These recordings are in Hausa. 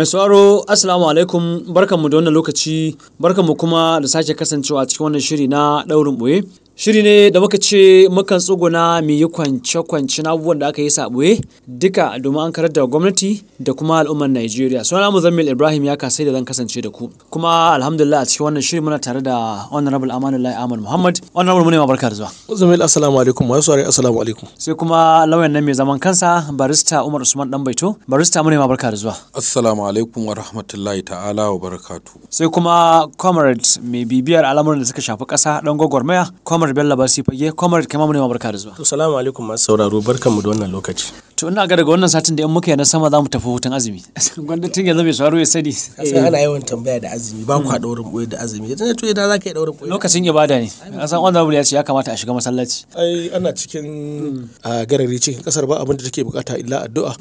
Mai sauraro Assalamu alaikum barkanmu da wannan lokaci barkanmu kuma da sake kasancewa cikin wannan shiri na daurin ɓoye. Shiri ne da muka ce mukan tsuguna mai yi kwance-kwance na abubuwan da aka yi saɓoye duka domin an karar da gwamnati da kuma al'ummar nigeria Suna mu zamil Ibrahim ya kasai da zan kasance da ku. Kuma alhamdulillah a cikin wannan shiri muna tare da Honorable Amanullahi Ahmad Muhammad. Honorable mu ne ma barka da zuwa. zamil assalamu alaikum wa yasuwa assalamu alaikum. Sai kuma lauyan nan mai zaman kansa barista Umar Usman Dan Baito. Barista mu ne ma barka da zuwa. Assalamu alaikum wa rahmatullahi ta'ala wa barakatu. Sai kuma comrade mai bibiyar al'amuran da suka shafi ƙasa dan gwagwarmaya comrade Umar Bello Basi Fage, Comrade Kemamu ne mabarka da zuwa. To salamu alaikum masu sauraro, barkanmu da wannan lokaci. To ina ga daga wannan satin da yan muka yi na sama za mu tafi hutun azumi. Gwamnatin yanzu mai sauraro ya sani. Kasan ana yawan tambaya da azumi, ba haɗa wurin boye da azumi. Yanzu ne to idan za ka yi ɗaurin boye. Lokacin ibada ne. san wanda ya ce ya kamata a shiga masallaci. Ai ana cikin a garari cikin kasar ba abin da take bukata illa addu'a.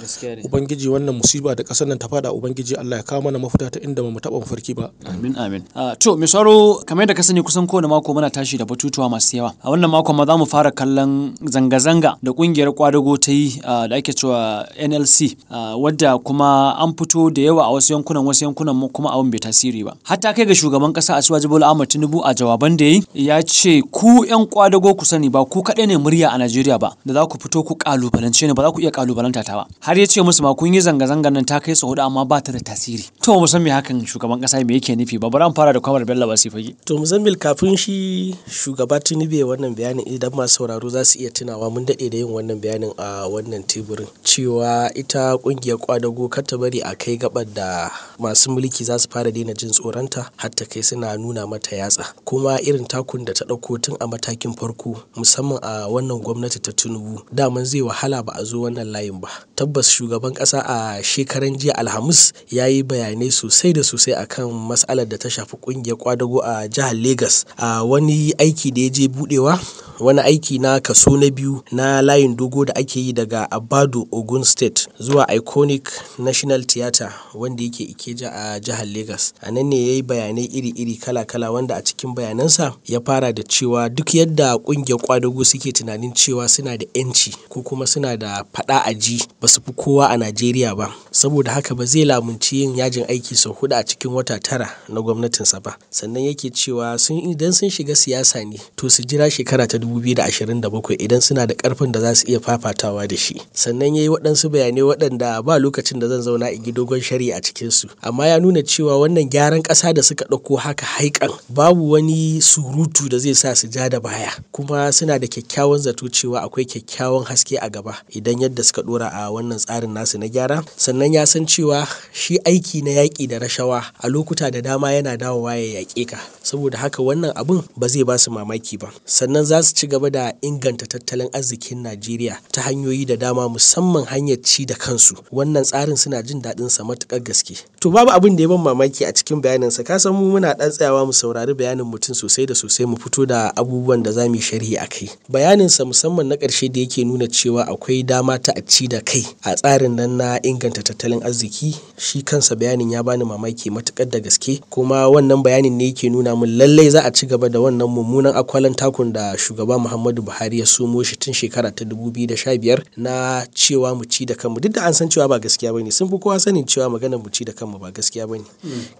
Ubangiji wannan musiba da ƙasar nan ta fada Ubangiji Allah ya kawo mana mafita ta inda ba mu taɓa mafarki ba. Amin amin. To mai sauraro kamar yadda ka sani kusan kowane mako muna tashi da batutuwa masu masu yawa a wannan makon ma za mu fara kallon zanga-zanga da kungiyar kwadago ta yi da ake cewa nlc wadda kuma an fito da yawa a wasu yankunan wasu yankunan kuma abin bai tasiri ba hatta kai ga shugaban kasa a cewa bola ahmad tinubu a jawaban da ya yi ya ce ku yan kwadago ku sani ba ku kaɗai ne murya a najeriya ba da za ku fito ku kalubalance ne ba za ku iya kalubalanta ta ba har ya ce musu ma kun yi zanga-zangan nan ta kai su hudu amma ba ta da tasiri to mu san me hakan shugaban kasa me yake nufi ba bari an fara da kwamar bello ba sai fage to muzammil kafin shi shugaba ni bai wannan bayanin idan masu sauraro za su iya tunawa mun daɗe da yin wannan bayanin a wannan teburin cewa ita ƙungiyar ƙwadago kar ta bari a kai gabar da masu mulki za su fara daina jin tsoronta har ta kai suna nuna mata yatsa kuma irin takun da ta ɗauko tun a matakin farko musamman a wannan gwamnati ta tunubu. daman zai wahala ba a zo wannan layin ba tabbas shugaban ƙasa a shekaran jiya Alhamis ya yi bayanai sosai da sosai akan matsalar da ta shafi ƙungiyar ƙwadago a jihar Legas a wani aiki da ya je buɗewa wani aiki na kaso na biyu na layin dogo da ake yi daga Abado Ogun State zuwa Iconic National Theatre wanda yake Ikeja a jihar Legas. A nan ne ya yi bayanai iri-iri kala-kala wanda a cikin bayanansa ya fara da cewa duk yadda kungiyar kwadago suke tunanin cewa suna da 'yanci ko kuma suna da fada a ji ba su fi kowa a nigeria ba. Saboda haka ba zai lamunci yin yajin aiki sau hudu a cikin wata tara na gwamnatinsa ba. Sannan yake cewa sun idan sun shiga siyasa ne to su jira shekara ta 2027 idan suna da karfin da za su iya fafatawa da shi sannan ya yi waɗansu bayanai waɗanda ba lokacin da zan zauna in yi dogon shari a cikinsu amma ya nuna cewa wannan gyaran ƙasa da suka ɗauko haka haikan babu wani surutu da zai sa su ja da baya kuma suna da kyakkyawan zato cewa akwai kyakkyawan haske a gaba idan yadda suka ɗora a wannan tsarin nasu na gyara sannan ya san cewa shi aiki na yaƙi da rashawa a lokuta da dama yana dawowa ya yaƙe ka saboda haka wannan abun ba zai ba su mamaki ba sannan za su ci gaba da inganta tattalin arzikin najeriya ta hanyoyi da dama musamman hanyar ci da kansu wannan tsarin suna jin daɗin sa matukar gaske to babu abin da ya ban mamaki a cikin bayanin sa kasan mu muna dan tsayawa mu saurari bayanin mutum sosai da sosai mu fito da abubuwan da za mu yi sharhi a kai bayanin sa musamman na ƙarshe da yake nuna cewa akwai dama ta a ci da kai a tsarin nan na inganta tattalin arziki shi kansa bayanin ya bani mamaki matuƙar da gaske kuma wannan bayanin ne yake nuna mun lallai za a ci gaba da wannan mummunan akwalan takun da shugaba Muhammadu Buhari ya sumo shi tun shekara ta 2015 na cewa mu ci da kanmu duk da an san cewa ba gaskiya bane sun fi kowa sanin cewa magana mu ci da kanmu ba gaskiya bane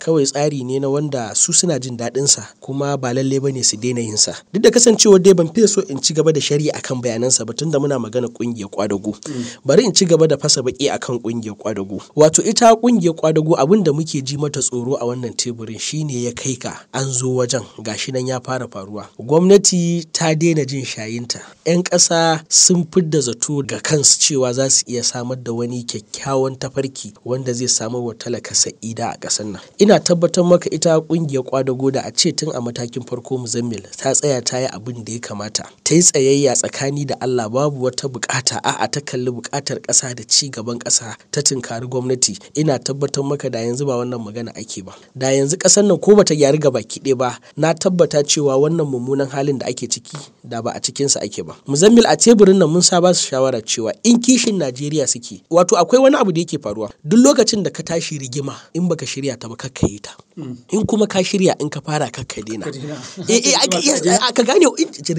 kawai tsari ne na wanda su suna jin daɗin sa kuma ba lalle bane su daina yin sa duk da kasancewa dai ban fiye so in ci gaba da shari'a akan bayanan sa ba tunda muna magana kungiyar kwadago bari in ci gaba da fasa baki akan kungiyar kwadago wato ita kungiyar kwadago abin da muke ji mata tsoro a wannan teburin shine ya kai ka an zo wajen gashi nan ya fara faruwa gwamnati gwamnati ta daina jin shayinta. 'Yan ƙasa sun fidda zato ga kansu cewa za su iya samar da wani kyakkyawan tafarki wanda zai samar wa talaka sa'ida a ƙasar nan. Ina tabbatar maka ita ƙungiyar kwadago da a ce tun a matakin farko Muzammil ta tsaya ta yi abin da ya kamata. Ta yi tsayayya tsakani da Allah babu wata buƙata a'a ta kalli bukatar ƙasa da ci gaban ƙasa ta tunkari gwamnati. Ina tabbatar maka da yanzu ba wannan magana ake ba. Da yanzu ƙasar nan ko bata gyaru gaba ɗaya ba na tabbata cewa wannan mummunan halin da ake ciki da ba a cikinsa ake ba muzammil a teburin nan mun saba su shawara cewa in kishin najeriya suke wato akwai wani abu da yake faruwa duk lokacin da ka tashi rigima in baka shirya ta ba kakka yi ta hmm. in kuma ka shirya in ka fara kakka ka eh, eh, gane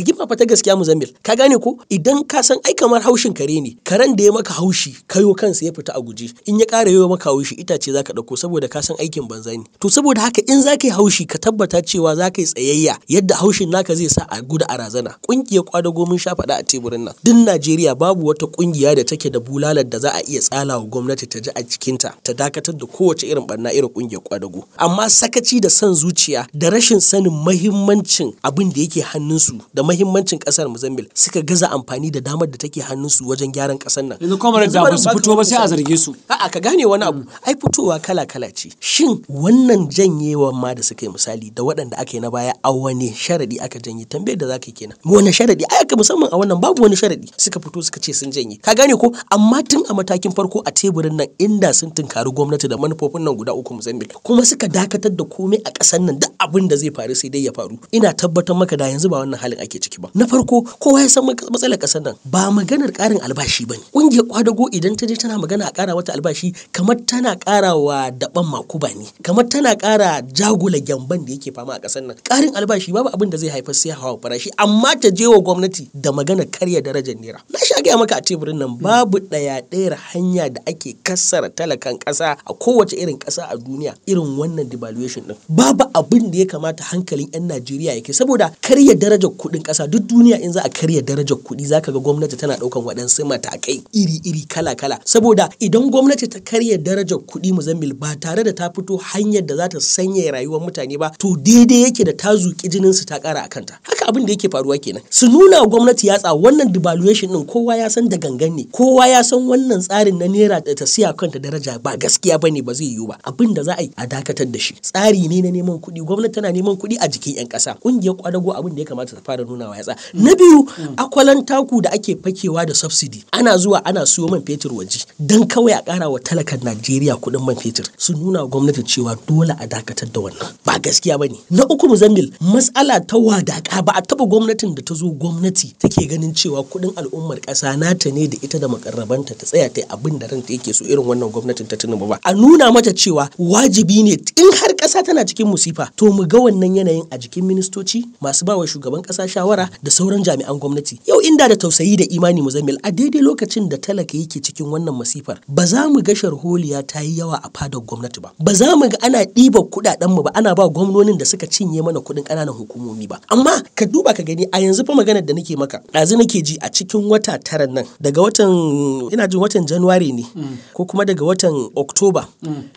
rigima fa ta gaskiya muzammil ka gane ko idan ka san ai kamar haushin kare ne karen da ya maka haushi kayo kansa ya fita a guje in ya kara yawa maka haushi itace zaka ɗauko saboda ka san aikin banza ne to saboda haka in zaka yi haushi ka tabbata cewa zaka yi tsayayya yadda haushin naka zai sa a gudu a razana kungiyar kwadago mun sha fada a teburin nan duk Najeriya babu wata kungiya da take da bulalar da za a iya tsala wa gwamnati ta ji a cikinta ta dakatar da kowace irin barna irin ƙungiyar kwadago amma sakaci da son zuciya da rashin sanin mahimmancin abin da yake hannunsu da mahimmancin ƙasar muzambil suka gaza amfani da damar da take hannunsu wajen gyaran ƙasar nan yanzu kuma da ba su fito ba sai a zarge su a'a ka gane wani abu ai fitowa kala kala ce shin wannan janyewan ma da suka yi misali da waɗanda aka yi na baya a wani sharadi aka janye tambayar da zaka kenan wani sharadi ai aka musamman a wannan babu wani sharadi suka fito suka ce sun janye ka gane ko amma tun a matakin farko a teburin nan inda sun tunkari gwamnati da manufofin nan guda uku Mozambique kuma suka dakatar da komai a ƙasar nan duk abin da zai faru sai dai ya faru ina tabbatar maka da yanzu ba wannan halin ake ciki ba na farko kowa ya san matsalar ƙasar nan ba maganar ƙarin albashi bane ƙungiyar kwadago idan ta je tana magana a ƙara wata albashi kamar tana da daban makuba ne kamar tana kara jagula gyamban da yake fama a ƙasar nan ƙarin albashi babu abin da zai haifar sai hawa farashi amma ta je wa gwamnati da magana karya darajar naira na sha gaya maka a teburin nan babu ɗaya ɗayar hanya da ake kassara talakan ƙasa a kowace irin ƙasa a duniya irin wannan devaluation din babu abin da ya kamata hankalin 'yan Najeriya yake saboda karya darajar kuɗin ƙasa duk duniya in za a karya darajar kuɗi zaka ga gwamnati tana ɗaukan waɗansu matakai iri-iri kala-kala saboda idan gwamnati ta karya darajar kuɗi mu zamil ba tare da ta fito hanyar da za ta sanya rayuwar mutane ba to daidai yake da ta zuƙi jinin su ta ƙara a kanta haka abin da yake faruwa kenan su nuna wa gwamnati yatsa wannan devaluation din kowa ya san da gangan ne kowa ya san wannan tsarin na naira da ta siya kanta daraja ba gaskiya bane ba zai yiwu ba abin da za a yi a dakatar da shi tsari ne na neman kuɗi gwamnati tana neman kuɗi a jikin yan ƙasa kungiyar kwadago abin da ya kamata ta fara nunawa wa yatsa na biyu akwalan taku da ake fakewa da subsidy ana zuwa ana siyo man fetur waje dan kawai a ƙara wa talakan Najeriya kuɗin man fetur su nuna wa gwamnati cewa dole a dakatar da wannan ba gaskiya bane na uku Mozambique matsala ta wadaka ba a taba gwamnatin da ta zo gwamnati take ganin cewa kuɗin al'ummar ƙasa nata ne da ita da makarrabanta ta tsaya ta abin da ranta yake so irin wannan gwamnatin ta tunuba ba a nuna mata cewa wajibi ne in har ƙasa tana cikin musifa to mu ga wannan yanayin a jikin ministoci masu bawa shugaban ƙasa shawara da sauran jami'an gwamnati yau inda da tausayi da imani muzammil a daidai lokacin da talaka yake cikin wannan masifar ba za mu ga sharholiya ta yi yawa a fadar gwamnati ba ba za mu ga ana ɗiba kuɗaɗen mu ba ana ba gwamnonin da suka cinye mana kuɗin ƙananan hukumomi ba amma ka duba ka gani a yanzu fa maganar da nake maka yanzu nake ji a cikin wata tara nan daga watan ina jin watan januwari ne ko kuma daga watan oktoba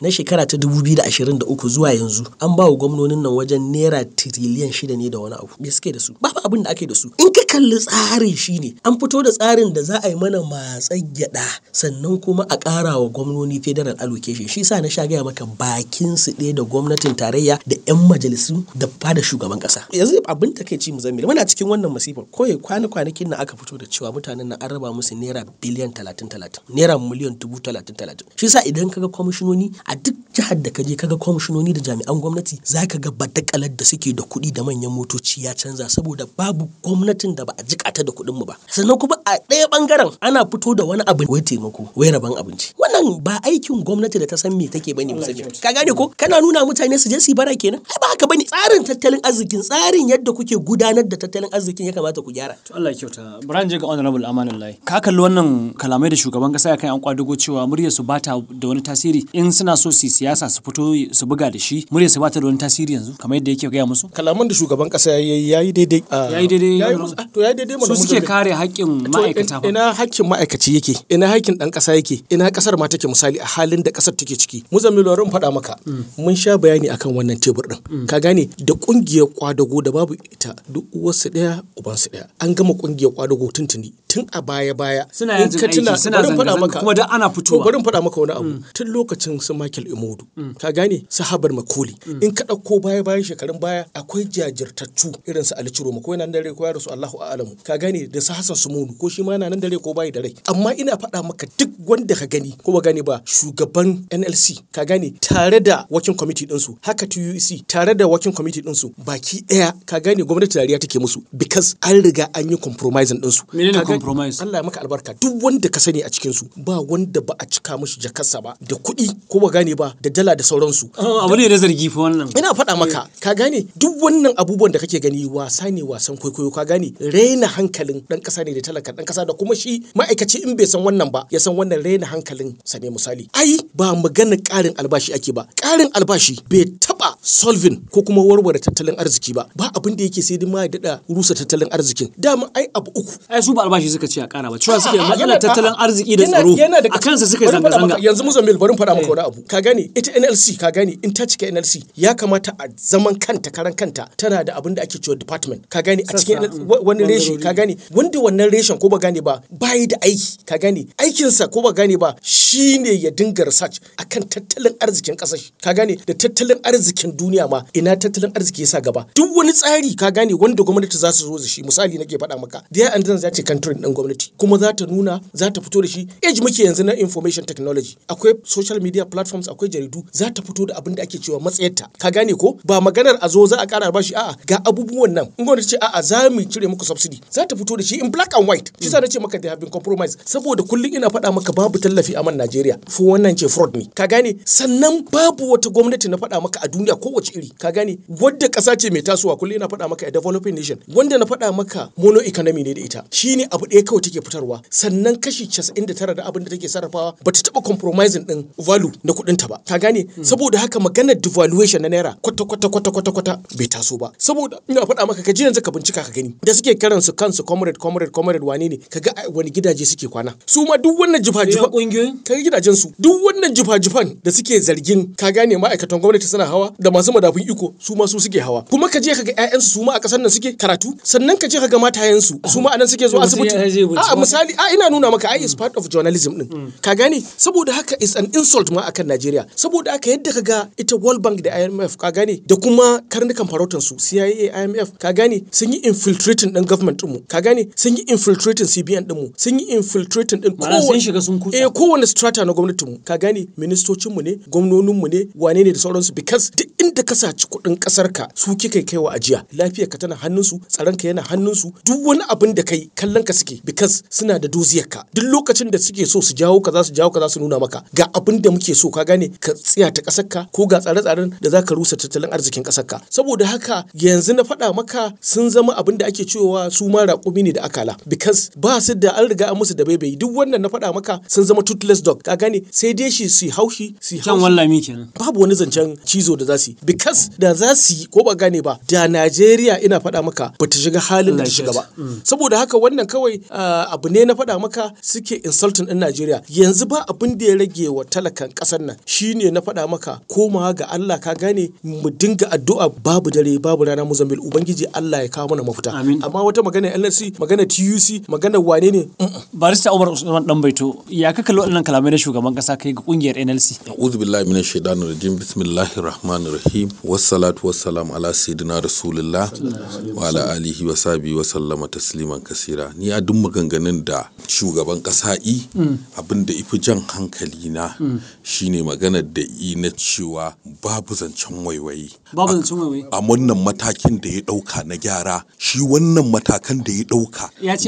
na shekara ta dubu biyu 2023 zuwa yanzu an ba wa gwamnonin nan wajen naira tiriliyan shida ne da wani abu me suke da su babu abin da ake da su in ka kalli tsarin shine an fito da tsarin da za a yi mana matsa gyada sannan kuma a ƙara wa gwamnoni federal allocation shi sa na sha gaya maka bakin su ɗaya da gwamnatin tarayya da 'yan majalisu da fada shugaban ƙasa yanzu abin ta ci zama muna cikin wannan masifar ya kwana kwanakin na aka fito da cewa mutanen na an raba musu naira biliyan talatin talatin naira miliyan dubu talatin talatin shi sa idan kaga kwamishinoni a duk jihar da ka kaje kaga kwamishinoni da jami'an gwamnati zaka ga badakalar da suke da kuɗi da manyan motoci ya canza saboda babu gwamnatin da ba a jikata da kuɗin mu ba sannan kuma a ɗaya bangaren ana fito da wani abu wai taimako wai rabon abinci wannan ba aikin gwamnati da ta san me take bane musamman ka gane ko kana nuna mutane su je su bara kenan ai ba haka bane tsarin tattalin arzikin tsarin yadda kuke gudanar da tattalin arzikin ya kamata ku gyara to Allah kyauta Brian je ga honorable Amanullahi ka kalli wannan kalamai da shugaban kasa ya kai an kwadugo cewa murya su bata da wani tasiri in suna so su siyasa su fito su buga da shi murya su bata da wani tasiri yanzu kamar yadda yake gaya musu kalaman da shugaban kasa ya yi daidai yi daidai ah, ah, to yi daidai Su suke kare haƙƙin ma'aikata ina haƙƙin ma'aikaci yake ina haƙƙin ɗan kasa yake ina kasar ma take misali a halin da kasar take ciki mu zammi lorin faɗa maka mm. mun sha bayani akan wannan tebur ɗin. Mm. ka gane da ƙungiyar kwadago da babu ita duk uwarsu ɗaya ubansu ɗaya an gama ƙungiyar ƙwadago tuntuni tun a baya baya suna yin ka tuna suna faɗa maka kuma da ana fitowa bari faɗa maka wani abu mm. tun lokacin su Michael Imodu mm. ka gane sahabar Makoli mm. in ka ɗauko baya bayan shekarun baya akwai jajirtattu irin su Ali Ciroma ko yana nan dare ko ya rasu Allahu a'lamu ka gane da su Hassan Sumunu ko shi ma yana nan dare ko bai da rai amma ina faɗa maka duk wanda ka gani ko ba gane ba shugaban NLC ka gane tare da working committee ɗinsu haka TUC e tare da working committee ɗinsu baki ɗaya ka gane gwamnati gwamnati dariya take musu because an riga an yi compromising din su menene compromise Allah ya maka albarka duk wanda ka sani a cikin su ba wanda ba a cika mushi jakarsa ba da kuɗi ko ba gane ba da dala da sauransu oh, abu ne da zargi fa wannan ina faɗa maka ka gane duk wannan abubuwan da kake gani wasa ne wasan kwaikwayo ka gane raina hankalin dan kasa ne da talaka dan kasa da kuma shi ma'aikaci in bai san wannan ba ya san wannan raina hankalin sa ne misali ai ba maganar ƙarin albashi ake ba ƙarin albashi bai taɓa solving ko kuma warware tattalin arziki ba ba abin da yake sai sai dai ma ya daɗa rusa tattalin arzikin dama ai abu uku ai su ba albashi suka ce a ƙara ba cewa suke matsalar tattalin arziki da tsaro a kansa suka zanga zanga yanzu Mozambique bari faɗa maka eh. wani abu ka gane ita NLC ka gane in ta cika NLC ya kamata a zaman kanta karan kanta tana da abin da ake cewa department ka gane a cikin wani reshi ka gane wanda wannan reshen ko ba gane ba bayi da aiki ka gane aikinsa ko ba gane ba shine ya dinga research akan tattalin arzikin ƙasar ka gane da tattalin arzikin duniya ma ina tattalin arziki ya sa gaba duk wani tsari ka gane ne wanda gwamnati za su zo da shi misali nake faɗa maka da and then za ta kantorin din gwamnati kuma za ta nuna za ta fito da shi age muke yanzu na information technology akwai social media platforms akwai jaridu za ta fito da abin da ake cewa matsayarta ka gane ko ba maganar a zo za a ƙara bashi a'a ga abubuwan nan in gwamnati ce a'a za mu cire muku subsidy za ta fito da shi in black and white shi na ce maka they have been compromised saboda kullum ina faɗa maka babu tallafi a man Najeriya fu wannan ce fraud ne ka gane sannan babu wata gwamnati na faɗa maka a duniya wace iri ka gane wadda ƙasa ce mai tasowa kullum ina faɗa maka developing nation wanda na faɗa maka mono economy ne da ita shine abu ɗaya kawai take fitarwa sannan kashi 99 da abin da take sarrafawa ba ta taba compromising din value na kuɗin ta ba ka gane hmm. saboda haka maganar devaluation na naira kwata kwata kwata kwata kwata bai taso ba saboda ina faɗa maka ka ji yanzu ka bincika ka gani da suke karan su kansu comrade comrade comrade wane ne kaga wani gidaje suke kwana su ma duk wannan jifa-jifa kaga gidajen su duk wannan jifa-jifan da suke zargin ka gane ma'aikatan gwamnati suna hawa da masu madafin iko su ma su suke hawa kuma ka je kaga ƴaƴansu su ma a kasar nan suke karatu sannan ka je ka ga matayensu su ma anan suke zo asibiti a misali a ina nuna maka ai is part of journalism din mm. ka gane saboda haka is an insult ma akan Najeriya saboda haka yadda ka ga ita World Bank da IMF ka gane da kuma karnukan farautan su CIA IMF ka gane sun yi infiltrating din government din mu ka gane sun yi infiltrating CBN din mu sun yi infiltrating din sun shiga sun kusa eh kowanne strata na gwamnatin mu ka gane ministocin mu ne gwamnonin mu ne wane ne da sauransu because duk inda ka saci kuɗin kasar ka su kika kaiwa ajiya lafiya ka tana hannunsu tsaron ka yana hannunsu duk wani abin da kai kallon ka suke because suna da doziyar duk lokacin da suke so su jawo ka za su jawo ka za su nuna maka ga abin da muke so ka gane ka tsaya ta kasar ka ko ga tsare-tsaren da za ka rusa tattalin arzikin kasar ka saboda haka yanzu na faɗa maka sun zama abin da ake cewa su ma raƙumi ne da akala because ba su da an riga an musu da baibayi duk wannan na faɗa maka sun zama toothless dog ka gane sai dai shi su haushi su haushi kenan babu wani zancen cizo da za su yi because da za su yi ko ba gane ba da Najeriya ina faɗa maka ba ta shiga halin da ta shiga ba mm. saboda haka wannan kawai ah, abu ne na faɗa maka suke insulting ɗin Najeriya yanzu ba abin da ya rage wa talakan ƙasar nan shine na faɗa maka komawa ga Allah ka gane mu dinga addu'a babu dare babu rana zambil ubangiji Allah ya kawo mana mafita amma wata magana llc magana TUC magana wane ne barista Umar Usman dan baito ya ka kalli waɗannan kalamai na shugaban kasa kai ga kungiyar NLC a'udhu billahi minash shaitanir rajim bismillahir rahmanir rahim wassalatu wassalam ala sayyidina rasulillah wa ala alihi wa sabi wa sallama tasliman kasira ni a duk maganganun da shugaban kasa i abin da ifi jan hankali na shine maganar da i na cewa babu zancen waiwayi babu zancen waiwayi a wannan matakin da ya dauka na gyara shi wannan matakan da ya dauka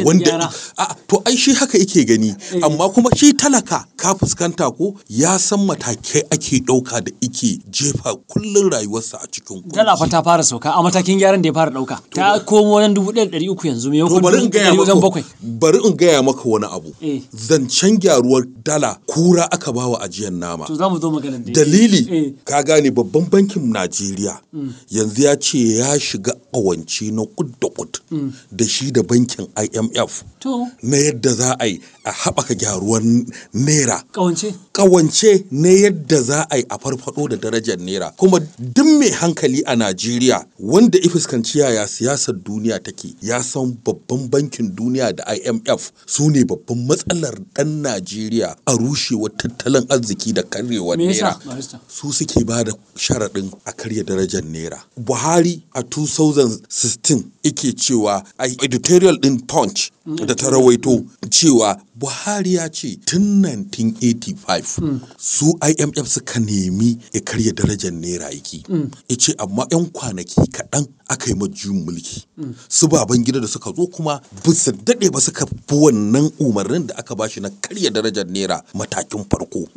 wanda a to ai shi haka yake gani eh. amma kuma shi talaka ka fuskanta ko ya san matakai ake dauka da ike jefa kullun rayuwarsa a cikin kunci dala fa ta fara sauka a matakin gyaran da ya fara fara ɗauka ta komo nan dubu ɗaya ɗari uku yanzu yau yankun dubu ɗari bakwai bari in gaya maka wani abu eh. zancen gyaruwar dala kura aka bawa ajiyar nama to zo maganar dalili eh. ka gane babban bankin Najeriya mm. yanzu ya ce ya shiga kawance na kud da kud da shi da bankin imf na yadda za a yi a haɓaka gyaruwar naira ƙawance na yadda za a yi a farfado da darajar naira kuma duk mai hankali a najeriya wanda ya fuskanci yaya siyasar duniya take ya san babban bankin duniya da imf su ne babban matsalar ɗan najeriya a rushewar tattalin arziki da karyewar naira su suke ba da sharaɗin a karya darajar naira buhari a 2000 shekaran 16 ike cewa a editorial din punch da ta rawaito cewa buhari ya ce tun 1985 su imf suka nemi ya karya darajar naira yake ya ce amma 'yan kwanaki kaɗan aka yi majiyun mulki su baban gida da suka zo kuma bisa daɗe ba suka fi wannan umarnin da aka bashi na karya darajar naira matakin farko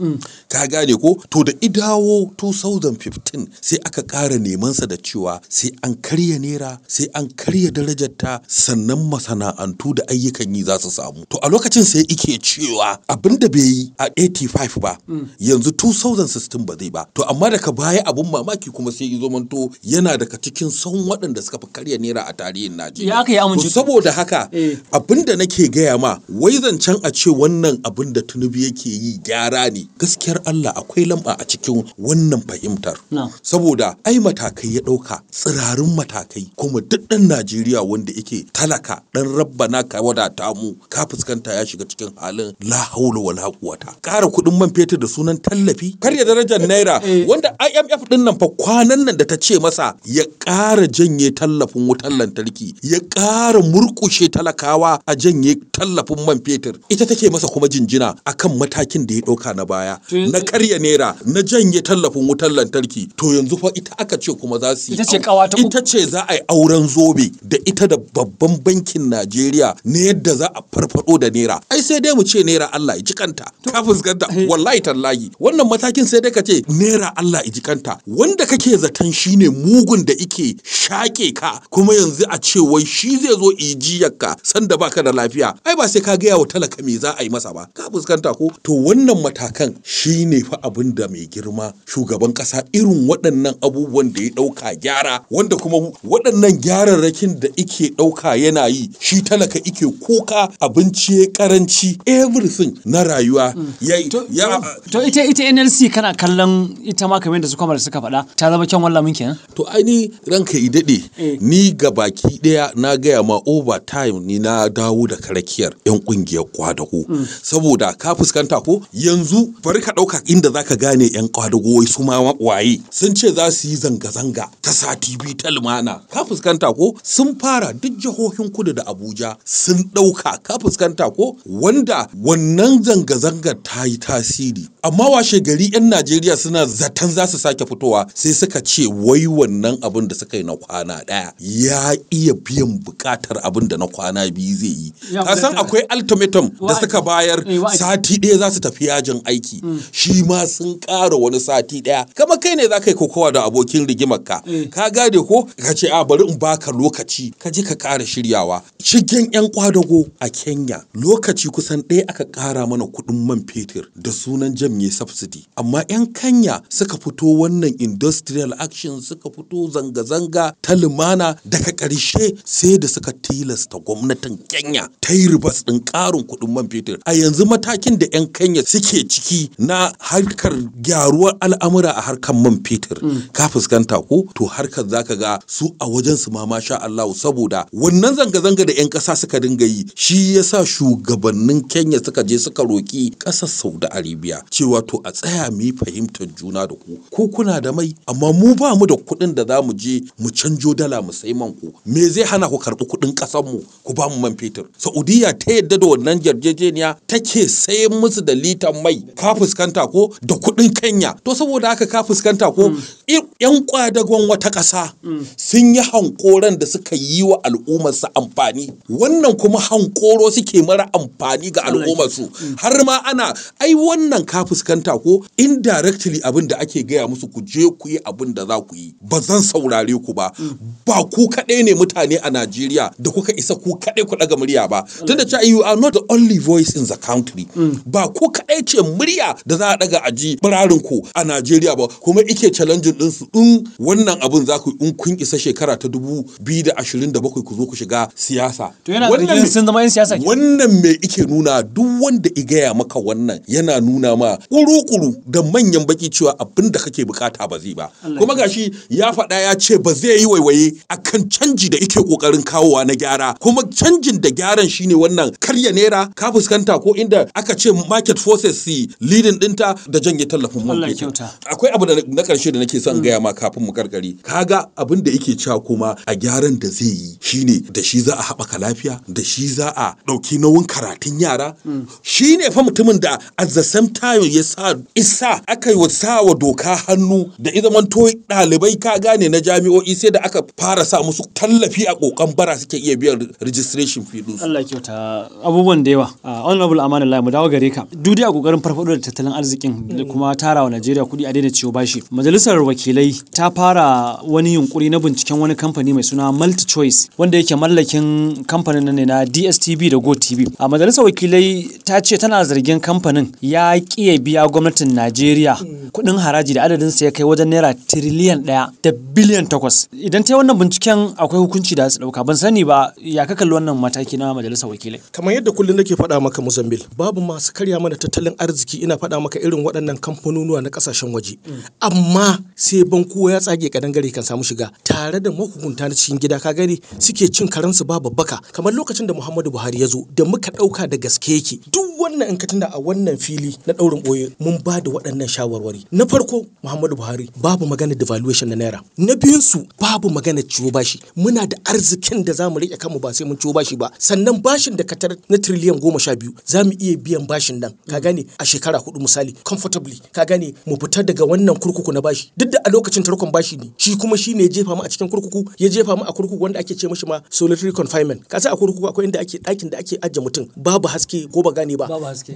ka gane ko to da idawo 2015 sai aka ƙara nemansa da cewa sai an karya naira naira sai an karya darajar ta sannan masana'antu da ayyukan yi za su samu to a lokacin sai ike cewa abin da bai yi a 85 ba hmm. yanzu 2016 ba zai ba to amma daga baya abin mamaki kuma sai izo manto yana daga cikin san waɗanda suka fi karya naira a tarihin Najeriya ya saboda haka eh. abin da nake gaya ma wai zancen a ce wannan abin da tunubi yake yi gyara ne gaskiyar Allah akwai lamba a cikin wannan fahimtar saboda ai matakai ya ɗauka tsirarin matakai kuma duk ɗan Najeriya wanda yake talaka ɗan rabbana ka wadata mu ka fuskanta ya shiga cikin halin la haula wala quwata ƙara kuɗin man fetur da sunan tallafi karya darajar naira eh, eh. wanda IMF din nan fa kwanan nan da ta ce masa ya kara janye tallafin wutar lantarki ya kara murƙushe talakawa a janye tallafin man fetur ita take masa kuma jinjina akan matakin da ya ɗauka na baya na karya naira na janye tallafin wutar lantarki to yanzu fa ita aka ce kuma za su yi ita ce za a yi auren zobe da ita da babban bankin Najeriya ne yadda za a farfado da naira ai sai dai mu ce naira Allah ya jikanta ka fuskanta eh. wallahi tallahi wannan matakin sai dai ka ce naira Allah ya jikanta wanda kake zaton shine mugun da ike shake ka kuma yanzu a ce wai shi zai zo ijiyarka sanda baka da lafiya ai ba sai ka gaya wa talaka me za a yi masa ba ka fuskanta ko to wannan matakan shine fa abin da mai girma shugaban kasa irin waɗannan abubuwan da ya ɗauka gyara wanda kuma waɗannan gyararrakin da ike ɗauka yana yi shi talaka ike kuka abinci ya karanci everything na rayuwa ya to ita ita NLC kana kallon ita ma kamar da su kamar suka faɗa ta zama kyan wallamin kenan to ai ranka i daɗe eh. ni ga baki ɗaya na gaya ma over time ni na dawo da karakiyar yan ƙungiyar kwadago mm. saboda ka fuskanta ko yanzu bari ka ɗauka inda za ka gane yan kwadago wai su ma waye sun ce za su yi zanga-zanga ta sati biyu ta lumana ka fuskanta ko sun fara duk jihohin kudu da abuja sun ɗauka ka fuskanta ko wanda wannan zanga-zangar ta yi tasiri amma washe gari 'yan najeriya suna zaton za su sake fitowa sai suka ce wai wannan abin da suka yi na kwana ɗaya ya iya biyan buƙatar abin da na kwana biyu zai yi kasan akwai ultimatum da suka bayar eh, sati ɗaya za su tafi yajin aiki mm. shi ma sun ƙara wani sati ɗaya kama kai ne za ka yi kokowa da abokin rigimarka eh. ka gade ko ka ce a bari in baka lokaci ka je ka ƙara shiryawa shigen yan kwadago a kenya lokaci kusan ɗaya aka ƙara mana kuɗin man fetur da sunan janye subsidy amma yan kenya suka fito wannan industrial action suka fito zanga-zanga ta lumana daga ƙarshe sai da suka tilasta gwamnatin kenya ta yi ribas ɗin ƙarin kuɗin man fetur a yanzu matakin da 'yan kenya suke ciki na harkar gyaruwar al'amura a harkar man fetur mm. ka fuskanta ko to harkar zaka ga su a wajen su ma masha Allah saboda wannan zanga-zanga da 'yan ƙasa suka dinga yi shi yasa shugabannin Kenya suka je suka roƙi ƙasar Saudi Arabia cewa to a tsaya mu yi fahimtar juna da ku ko kuna da mai amma mu ba mu da kuɗin da za mu je mu canjo dala mu sai man ku me zai hana ku karɓi kuɗin ƙasar mu ku ba mu man fetur Saudiya ta yadda da wannan yarjejeniya take sai musu da litan mai ka fuskanta ko da kuɗin Kenya to saboda haka ka fuskanta ko 'yan mm. kwadagon wata ƙasa mm. sun yi hankoran da suka yi wa al'ummarsa amfani wannan kuma hankoro suke mara amfani ga al'ummarsu mm. har ma ana ai wannan ka fuskanta ko indirectly abin da ake gaya musu ku je ku yi abin da za ku yi ba zan saurare ku ba mm. ba ku kaɗai ne mutane a Najeriya da kuka isa ku kaɗai ku ɗaga murya ba tunda cewa you are not the only voice in the country mm. ba ku kaɗai ce murya da za a ɗaga aji birarin ku a Najeriya ba kuma ike challenge ɗinsu in wannan abin za ku in kun isa shekara shekara ta dubu biyu da ashirin da bakwai ku zo ku shiga siyasa. To yana zargin sun zama yin siyasa. ke. Wannan me ike nuna duk wanda i gaya maka wannan yana nuna ma kuru-kuru da manyan baki cewa abin da kake bukata ba zai ba. Kuma gashi ya faɗa ya ce ba zai yi waiwaye kan canji da ike kokarin kawowa na gyara kuma canjin da gyaran shine wannan karya naira ka fuskanta ko inda aka ce market forces si leading ɗinta da janye tallafin man Akwai abu da na ƙarshe da nake son mm. gaya ma kafin mu karkari. Kaga abin da yake cewa kuma a gyaran da zai yi shine da shi za a haɓaka lafiya da shi za a ɗauki nauyin karatun yara mm. shine fa mutumin da at the same time ya sa isa aka yi sa wa doka hannu da izamanto ɗalibai ka gane na jami'o'i sai da aka fara sa musu tallafi a ƙoƙon bara suke iya biyan registration fee din Allah kyauta abubuwan da yawa. Honorable Amana Allah mu dawo gare ka. dai a ƙoƙarin farfaɗo da tattalin arzikin da mm. kuma tarawa Najeriya kuɗi a daina ciwo bashi. Majalisar wakilai ta fara wani yunkuri na binciken kan wani kamfani mai suna multi choice wanda yake mallakin kamfanin ne na dstv da gotv a majalisar wakilai ta ce tana zargin kamfanin ya kiye biya gwamnatin najeriya hmm. kuɗin haraji da adadin sa ya kai wajen naira tiriliyan ɗaya da biliyan takwas idan ta yi wannan binciken akwai hukunci da su ɗauka ban sani ba ya ka kalli wannan mataki na majalisar wakilai kamar yadda kullum nake faɗa maka muzambil babu masu karya mana tattalin arziki ina faɗa maka irin waɗannan kamfanonuwa na ƙasashen waje hmm. amma sai bankuwa ya tsage kadan gare kan samu shiga tare da da mahukunta na cikin gida ka gani suke cin su ba babbaka kamar lokacin da Muhammadu Buhari ya zo da muka ɗauka da gaske yake duk wannan in ka tunda a wannan fili na daurin ɓoye mun ba da waɗannan shawarwari na farko Muhammadu Buhari babu magana devaluation na naira na biyun su babu magana ciwo bashi muna da arzikin da zamu rike kanmu ba sai mun ciwo bashi ba sannan bashin da katar na triliyan goma sha biyu za iya biyan bashin nan ka gani a shekara hudu misali comfortably ka gani mu fitar daga wannan kurkuku na bashi duk da a lokacin tarkon bashi ne shi kuma shi ne jefa mu a cikin kurkuku ya jefa mu a kurkuku wanda ake ce mishi ma solitary confinement ka a kurkuku akwai inda ake ɗakin da ake ajiye mutum babu haske ko ba gane ba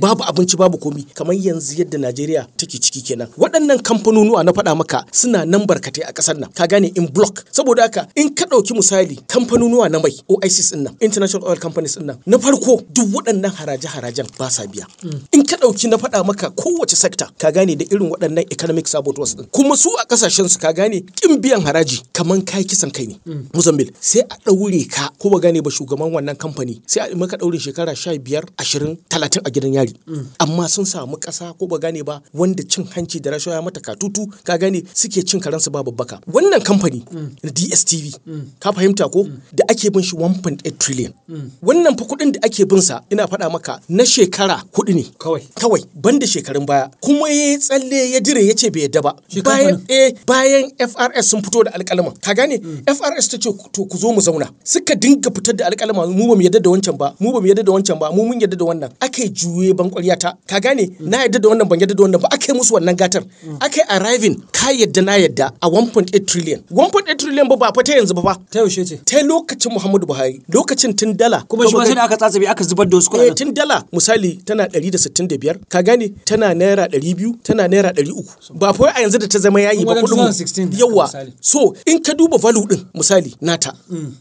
babu abinci babu komi kamar yanzu yadda Najeriya take ciki kenan waɗannan kamfanonuwa na faɗa maka suna nan barkate a ƙasar nan ka gane in block saboda haka in ka ɗauki misali kamfanonuwa na mai OICs din nan International Oil Companies din nan na farko duk waɗannan haraje-harajen ba sa biya mm. in ka ɗauki na faɗa maka kowace sekta ka gane da irin waɗannan economic saboteurs din kuma su a kasashen su ka gane kin biyan haraji kaman kai kisan kai ne Muzambil mm. sai a ɗaure ka ko ba gane ba shugaban wannan kamfani sai a maka ɗaure shekara sha biyar ashirin talatin a gidan yari mm. amma sun samu ƙasa ko ba gane ba wanda cin hanci da rashawa mata katutu ka gane suke cin karansu ba babbaka wannan kamfani mm. na dstv ka fahimta ko da ake bin shi 1.8 trillion wannan fa kuɗin da ake bin sa ina faɗa maka na shekara kuɗi ne kawai kawai banda shekarun baya kuma ya tsalle ya dire ya ce bai yadda ba bayan eh, bayan FRS sun fito da alƙalaman ka gane FRS ta ce to ku zo mu zauna suka dinga fitar da alƙalama mu ba mu yadda da wancan ba mu ba mu yadda da wancan ba mu mun yadda da wannan akai juye ban ƙwarya ta ka gane na yadda da wannan ban yadda da wannan ba akai musu wannan gatar akai arriving ka yadda na yadda a 1.8 trillion 1.8 trillion ba ba fa ta yanzu ba ba ta yaushe ce ta lokacin Muhammadu Buhari lokacin tun dala kuma shi ba sai aka tsatsabe aka zubar da wasu kuɗaɗen eh, tun dala misali tana 165 ka gane tana naira 200 tana naira 300 ba fa a yanzu da ta zama yayi ba kuɗin yawa so in ka duba value din misali nata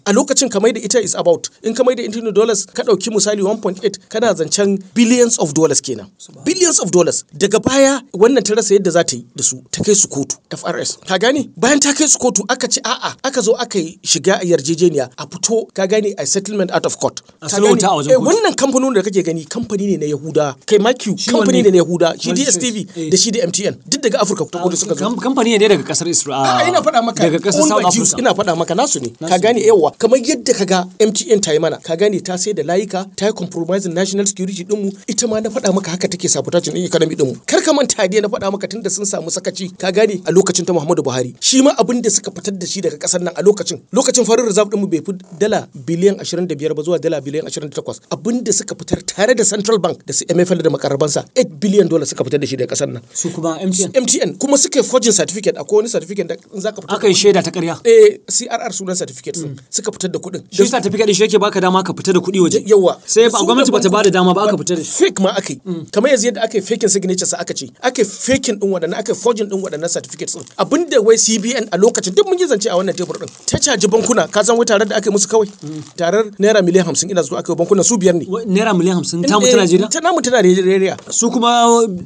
a lokacin ka da ita is about in ka da internet dollars ka dauki misali 1.8 kana zancen billions of dollars kenan billions of dollars daga baya wannan ta rasa yadda za ta yi da su ta kai su kotu FRS ka gane bayan ta kai su kotu aka ce a'a aka zo aka yi shiga a yarjejeniya a fito ka gane a settlement out of court eh, wannan kamfanonin da kake gani kamfani ne na Yahuda kai Makiu kamfani ne na Yahuda shi DSTV eh. da shi da MTN duk daga Afirka ta kudu suka zo kamfani ne daga kasar Israel ina faɗa maka daga kasar South Africa ina faɗa maka nasu ne ka gane yawa kamar yadda kaga MTN ta yi mana ka gane ta sai da layika ta yi compromising national security dinmu ita ma na faɗa maka haka take sabotaging din economy dinmu kar ka manta dai na faɗa maka tunda sun samu sakaci ka gane a lokacin ta Muhammadu Buhari shi ma abin da suka fitar da shi daga kasar nan a lokacin lokacin farin reserve dinmu bai fi dala biliyan 25 ba zuwa dala biliyan 28 abin da suka fitar tare da Central Bank da su MFL da makarabansa 8 biliyan dola suka fitar da shi daga kasar nan su kuma MTN MTN kuma suka forging certificate akwai wani certificate da in zaka fitar akan shaida ta ƙarya eh sai CRR sunan certificate sun mm. suka fitar da kuɗin shi certificate shi yake baka dama ka fita da kuɗi waje yawa sai ba gwamnati bata bada dama ba aka fita da fake ma akai mm. kamar yanzu yadda aka fake signature sa aka ce aka faking din waɗannan aka forging din waɗannan certificate sun abinda wai CBN a lokacin duk mun yi zance a wannan tebur din ta caji bankuna ka san wai tarar da aka yi musu kawai mm. tarar naira miliyan 50 ina zuwa aka yi bankuna su biyar ne naira miliyan 50 ta mutuna Najeriya ta namu tana Najeriya su kuma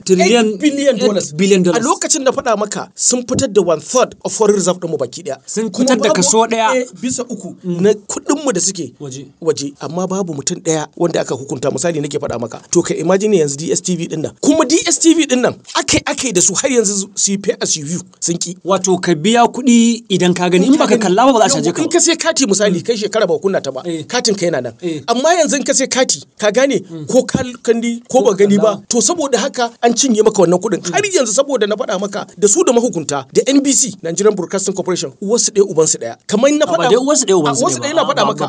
trillion billion dollars billion dollars a lokacin da faɗa maka sun fitar da one third of foreign reserve din mu baki daya sun kuma fitar da kaso daya bisa uku na kuɗin mu da suke waje amma babu mutum daya wanda aka hukunta misali nake faɗa maka to ka imagine yanzu DSTV din nan kuma DSTV din nan akai akai da su har yanzu su yi pay as you view sun ki wato ka biya kuɗi idan ka gani in baka kalla ba ba za a caje ka in ka sai kati misali mm. kai shekara ba kunna ta ba eh. katin ka yana nan eh. amma yanzu in ka sai kati ka gane mm. ko ka kandi ko ba gani ba to saboda haka an cinye maka wannan kuɗin har mm. yanzu saboda na faɗa maka da su da mahukunta da NBC Nigerian Broadcasting Corporation wasu ɗaya uban su daya kamar na faɗa ba wasu daya uban su wasu daya na faɗa maka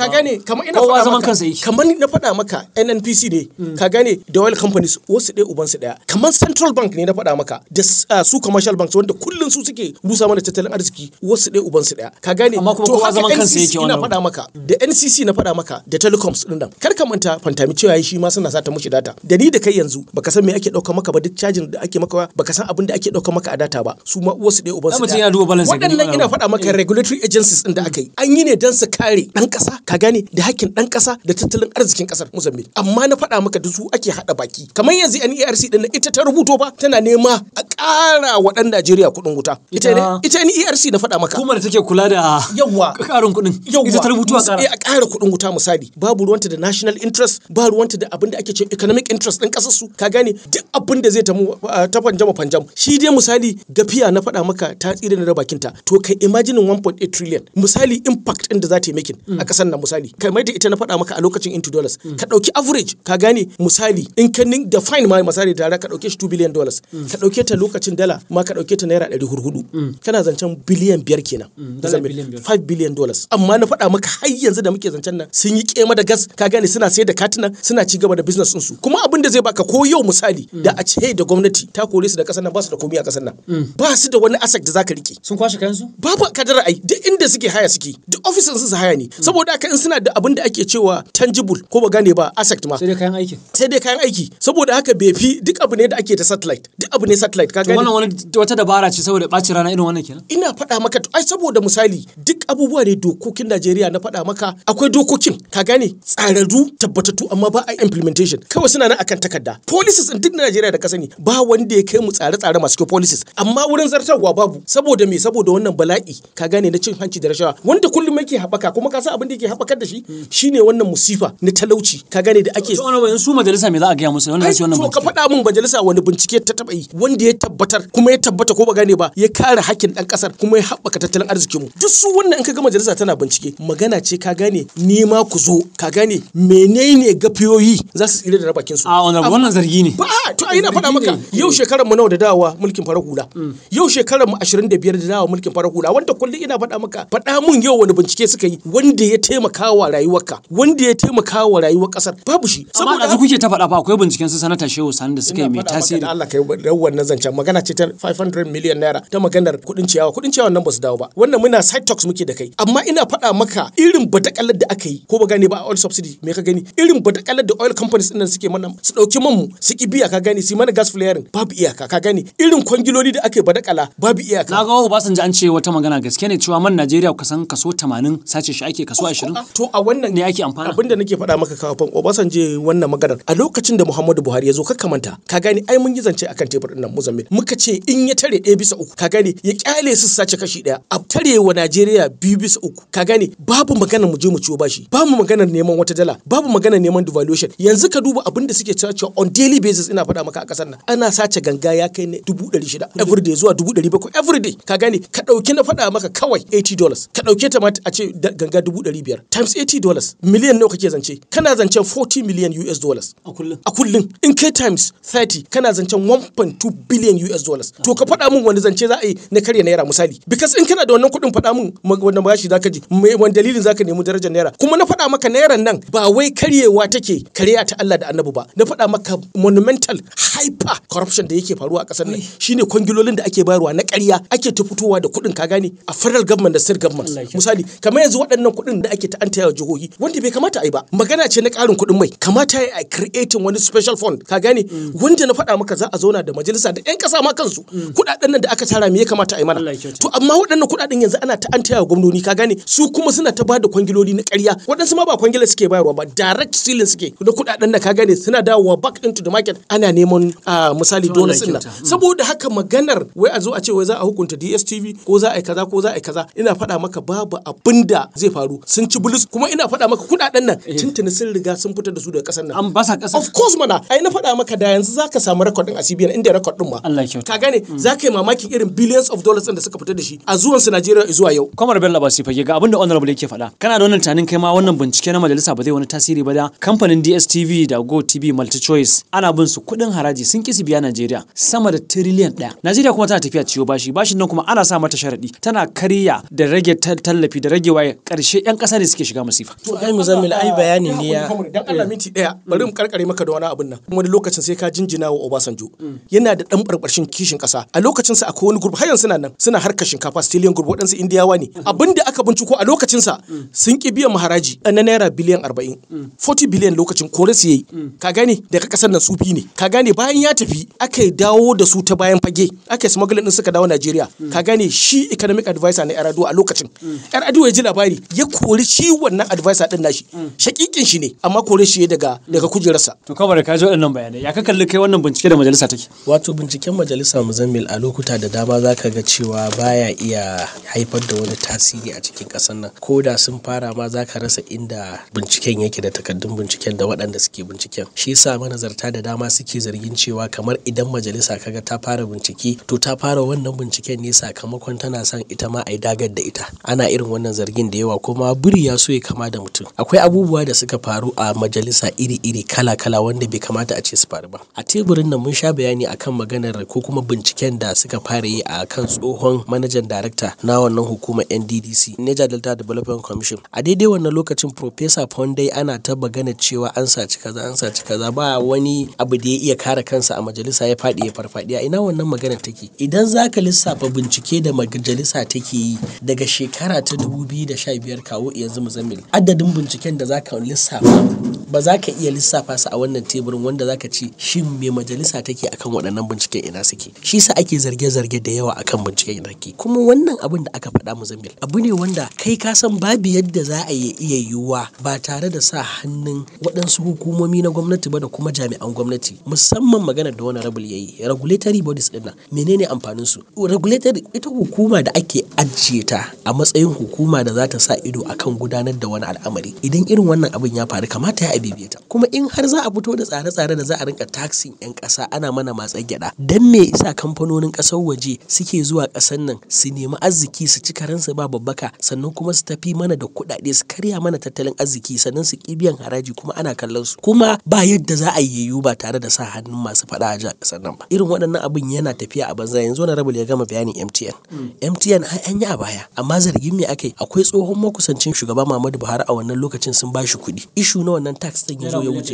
ka gane kamar ina faɗa zaman kansa yake kamar na faɗa maka NNPC ne hmm. ka gane da oil companies wasu daya uban su daya kamar Central Bank ne na faɗa maka da ah, su commercial banks wanda kullun su suke rusa mana tattalin arziki wasu daya uban su daya ka gane to kowa zaman kansa yake wannan ina faɗa maka da NCC na faɗa maka da telecoms din nan kar ka manta fantami cewa shi ma suna sata mushi data da ni da kai yanzu baka san me ake dauka maka ba duk cajin da ake maka baka san abin da ake dauka maka a data ba su ma wasu daya uban su daya waɗannan ina faɗa maka daga regulatory agencies ɗin da aka yi an yi ne don su kare ɗan ƙasa ka gane da hakkin ɗan ƙasa da tattalin arzikin ƙasar Mozambique amma na faɗa maka da su ake haɗa baki kamar yanzu NERC ɗin ita ta rubuto ba tana nema a ƙara wa ɗan Najeriya kuɗin wuta ita ne ita NERC na faɗa maka kuma da take kula da yawa ƙarin kuɗin ita ta rubuto a ƙara eh, a ƙara kuɗin wuta misali babu ruwanta da national interest ba ruwanta da abin da ake ce economic interest ɗan ƙasar su ka gane duk abin da zai ah, ta fanjama fanjam shi dai misali gafiya na faɗa maka ta tsira na bakinta to kai imagine irin 1.8 trillion misali impact ɗin da za ta yi making a ƙasar nan misali kamar da ita na faɗa maka a lokacin into dollars ka ɗauki average ka gane misali in ka define da ma misali da ka ɗauke shi 2 billion dollars ka ɗauke ta lokacin dala ma ka ɗauke ta naira ɗari hurhudu kana zancen biliyan biyar kenan 5 mm, billion dollars amma na faɗa maka har yanzu da muke zancen nan sun yi kema da gas ka gane suna sayar da katina suna ci gaba da business su kuma abin da zai baka ko yau misali mm. da a ce da gwamnati ta kore su da ƙasar nan ba su da komai a kasar nan mm. ba su da wani asset da za ka rike sun kwashe kansu babu ka da ra'ayi duk inda suke haya suke duk ofisin su haya ne hmm. saboda haka in suna da abin da ake cewa tangible ko ba gane ba asset ma sai dai kayan aiki sai dai kayan aiki saboda haka bai fi duk abu ne da ake ta satellite duk abu ne satellite ka gane wannan wata dabara ce saboda rana irin wannan kenan ina faɗa maka ai saboda misali duk abubuwa ne dokokin Najeriya na faɗa maka akwai dokokin ka gane tsararru tabbatattu amma ba a implementation kawai suna nan akan takarda policies din duk Najeriya da ka sani ba wanda ya kai mu tsare-tsare masu kyau policies amma wurin zartarwa babu saboda me saboda wannan bala'i ka gane na cin hanci da rashawa wanda kullum yake haɓaka kuma ka san abin da yake haɓakar da shi shine wannan musifa na talauci ka gane da ake to su majalisa me za a gaya musu wannan shi wannan ka faɗa min majalisa wani bincike ta taɓa yi wanda ya tabbatar kuma ya tabbata ko ba gane ba ya kare hakkin ɗan ƙasar kuma ya haɓaka tattalin arzikin mu duk su wannan in ka ga majalisa tana bincike magana ce ka gane ni ma ku zo ka gane menene gafiyoyi za su tsira da rabakin su a ah, wannan zargi ne ba to ai na faɗa maka yau shekarar mu nawa da dawa mulkin farar hula mm. yau shekarar mu 25 da dawa mulkin farar hula wanda kullum ina faɗa maka faɗa mun yau wani bincike suka yi wanda ya taimaka wa rayuwarka wanda ya taimaka wa rayuwar ƙasar babu shi saboda yanzu kuke ta faɗa fa akwai binciken su sanata Shehu Sani da suka yi mai tasiri Allah kai wannan zancen magana ce ta 500 miliyan naira ta maganar kuɗin ciyawa kuɗin ciyawa nan ba su dawo ba wannan muna side talks muke da kai amma ina faɗa maka irin batakalar da aka yi ko ba gane ba oil subsidy me ka gani irin batakalar da oil companies nan suke mana su dauki man mu su ki biya ka gani su mana gas flaring babu iyaka ka gani irin kwangiloli da ake badakala babu iyaka na ga ji an ce wata magana gaskiya gaske ne cewa man Najeriya kusan kaso 80 sace shi ake kaso 20 to a wannan ne ake amfana abinda nake faɗa maka kafin Obasanjo wannan maganar a lokacin da Muhammadu Buhari ya zo ka kamanta ka gani ai mun yi zance akan tebur din nan mu muka ce in ya tare ɗaya bisa uku ka gani ya kyale su sace kashi daya. a tare wa Najeriya biyu bisa uku ka gani babu maganar mu je mu ciwo bashi babu maganar neman wata dala babu maganar neman devaluation yanzu ka duba abin da suke cewa on daily basis ina faɗa maka a ƙasar nan ana sace ganga ya kai ne dubu ɗari shida every day zuwa dubu ɗari bakwai every day ka gani ka ɗauki na faɗa maka kawai 80 dollars ka dauke ta mata a ce ganga 500 times 80 dollars miliyan nawa kake zance kana zancen 40 million US dollars a kullum a kullum in kai times 30 kana zancen 1.2 billion US dollars to ka faɗa min wani zance za a yi na karya naira misali because in kana da wannan kuɗin faɗa min wannan bashi zaka ji wani dalilin zaka nemi darajar naira kuma na faɗa maka naira nan ba wai karyewa take karya ta Allah da annabi ba na faɗa maka monumental hyper corruption da yake faruwa a ƙasar nan shine kwangilolin da ake bayarwa na ƙarya ake ta fitowa da kuɗin ka gane a federal government da state government misali kamar yanzu waɗannan kuɗin da ake ta'anta yawa jihohi wanda bai kamata a yi ba magana ce na ƙarin kuɗin mai kamata ya a creating wani special fund ka gane mm. wanda na faɗa maka za a zauna da majalisa da 'yan ƙasa ma kansu mm. kuɗaɗen nan da aka tara me ya kamata a yi mana to amma waɗannan kuɗaɗen yanzu ana ta'anta yawa gwamnoni ka gane su kuma suna ta bada kwangiloli na ƙarya waɗansu ma ba kwangila suke bayarwa ba direct stealing suke da kuɗaɗen da ka gane suna dawowa back into the market ana neman misali donors ɗin mm. saboda haka maganar wai a zo a ce wai za a hukunta DSTV ko za a yi kaza ko ko za a yi kaza ina faɗa maka babu abin da zai faru sun ci bulus kuma ina faɗa maka kuɗaɗen nan eh. tuntuni sun riga sun fitar da su daga ƙasar nan an ba sa of course mana ai na faɗa maka da yanzu zaka samu record din CBN inda rekod din ma Allah ya ka gane hmm. zaka yi mamaki irin billions of dollars din da suka fitar da shi a zuwan su Najeriya zuwa yau kamar ba Basi fage ga abin da honorable yake faɗa kana da wannan tunanin kai ma wannan bincike na majalisa ba zai wani tasiri ba da kamfanin DSTV da Go TV Multi Choice ana bin su kuɗin haraji sun kisi biya Najeriya sama da tiriliyan ɗaya Najeriya kuma tana tafiya ciwo bashi bashin nan kuma ana sa mata sharaɗi tana karya da rage tallafi da rage waye karshe yan kasa ne suke shiga masifa to ai zamu ai bayani ne ya dan Allah eh. minti daya bari mu karkare maka da wani abun nan wani lokacin sai ka jinjina wa Obasanjo yana da dan barbarshin kishin kasa a lokacin sa akwai wani gurbi har yanzu suna nan suna harkar shinkafa stillion gurbi wadansu indiyawa ne abin da aka binciko a lokacin sa sun ki biyan maharaji na naira biliyan 40 40 biliyan lokacin koresi su yayi ka gane daga kasar nan sufi ne ka gane bayan ya tafi aka dawo da su ta bayan fage aka smuggling din suka dawo Najeriya ka gane shi economic advisor na Yar'adua a lokacin adu ya ji labari ya kori shi wannan advisor din nashi shakikin shi ne amma kore shi daga daga kujerarsa to kawai ka ji waɗannan bayanai ya ka kalli kai wannan bincike da majalisa take wato binciken majalisa muzammil a lokuta da dama zaka ga cewa baya iya haifar da wani tasiri a cikin ƙasar nan ko da sun fara ma zaka rasa inda binciken yake da takardun binciken da waɗanda suke binciken shi yasa manazarta da dama suke zargin cewa kamar idan majalisa kaga ta fara bincike to ta fara wannan binciken ne sakamakon tana son ita zama a yi dagar da ita ana irin wannan zargin da yawa kuma biri ya so ya kama da mutum akwai abubuwa da suka faru a majalisa iri-iri kala-kala wanda bai kamata a ce su faru ba a teburin nan mun sha bayani akan maganar ko kuma binciken da suka fara yi a kan tsohon manajan darakta na wannan hukumar NDDC Niger Delta Development Commission a daidai wannan lokacin Professor Fondai ana ta magana cewa an saci kaza an saci kaza ba wani abu da ya iya kare kansa a majalisa ya faɗi ya a ina wannan magana take idan zaka lissafa bincike da majalisa ta take yi daga shekara ta da 2015 kawo yanzu muzamil adadin binciken da zaka lissafa ba za ka iya lissafa su a wannan teburin wanda zaka ce shin me majalisa take akan waɗannan binciken ina suke shi sa ake zarge-zarge da yawa akan binciken ke kuma wannan abun da aka faɗa muzamil abu ne wanda kai ka san babu yadda za a iya yiwuwa ba tare da sa hannun waɗansu hukumomi na gwamnati ba da kuma jami'an gwamnati musamman maganar da wani rabul yayi regulatory bodies ɗin nan menene amfanin su regulatory ita hukuma da ake ajiye ta a matsayin hukuma da za ta sa ido a kan gudanar da wani al'amari idan irin wannan abin ya faru kamata ya abibiye ta kuma in har za a fito da tsare-tsare da za a rinka taxin yan ƙasa ana mana matsar gyada dan me yasa kamfanonin ƙasar waje suke zuwa ƙasar nan su nemi arziki su ci karansu ba babbaka sannan kuma su tafi mana da kuɗaɗe su karya mana tattalin arziki sannan su ƙi biyan haraji kuma ana kallon su kuma ba yadda za a yiwu ba tare da sa hannun masu faɗa a ƙasar nan ba irin waɗannan abin yana tafiya a banza yanzu na rabul ya gama bayanin MTN hmm. MTN ai ya yi a baya amma zargin me ake. akwai tsohon makusancin shugaba Muhammadu Buhari a wannan lokacin sun bashi kuɗi ishu na wannan tax din yazo zo ya wuce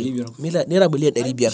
naira miliyan 500 biyar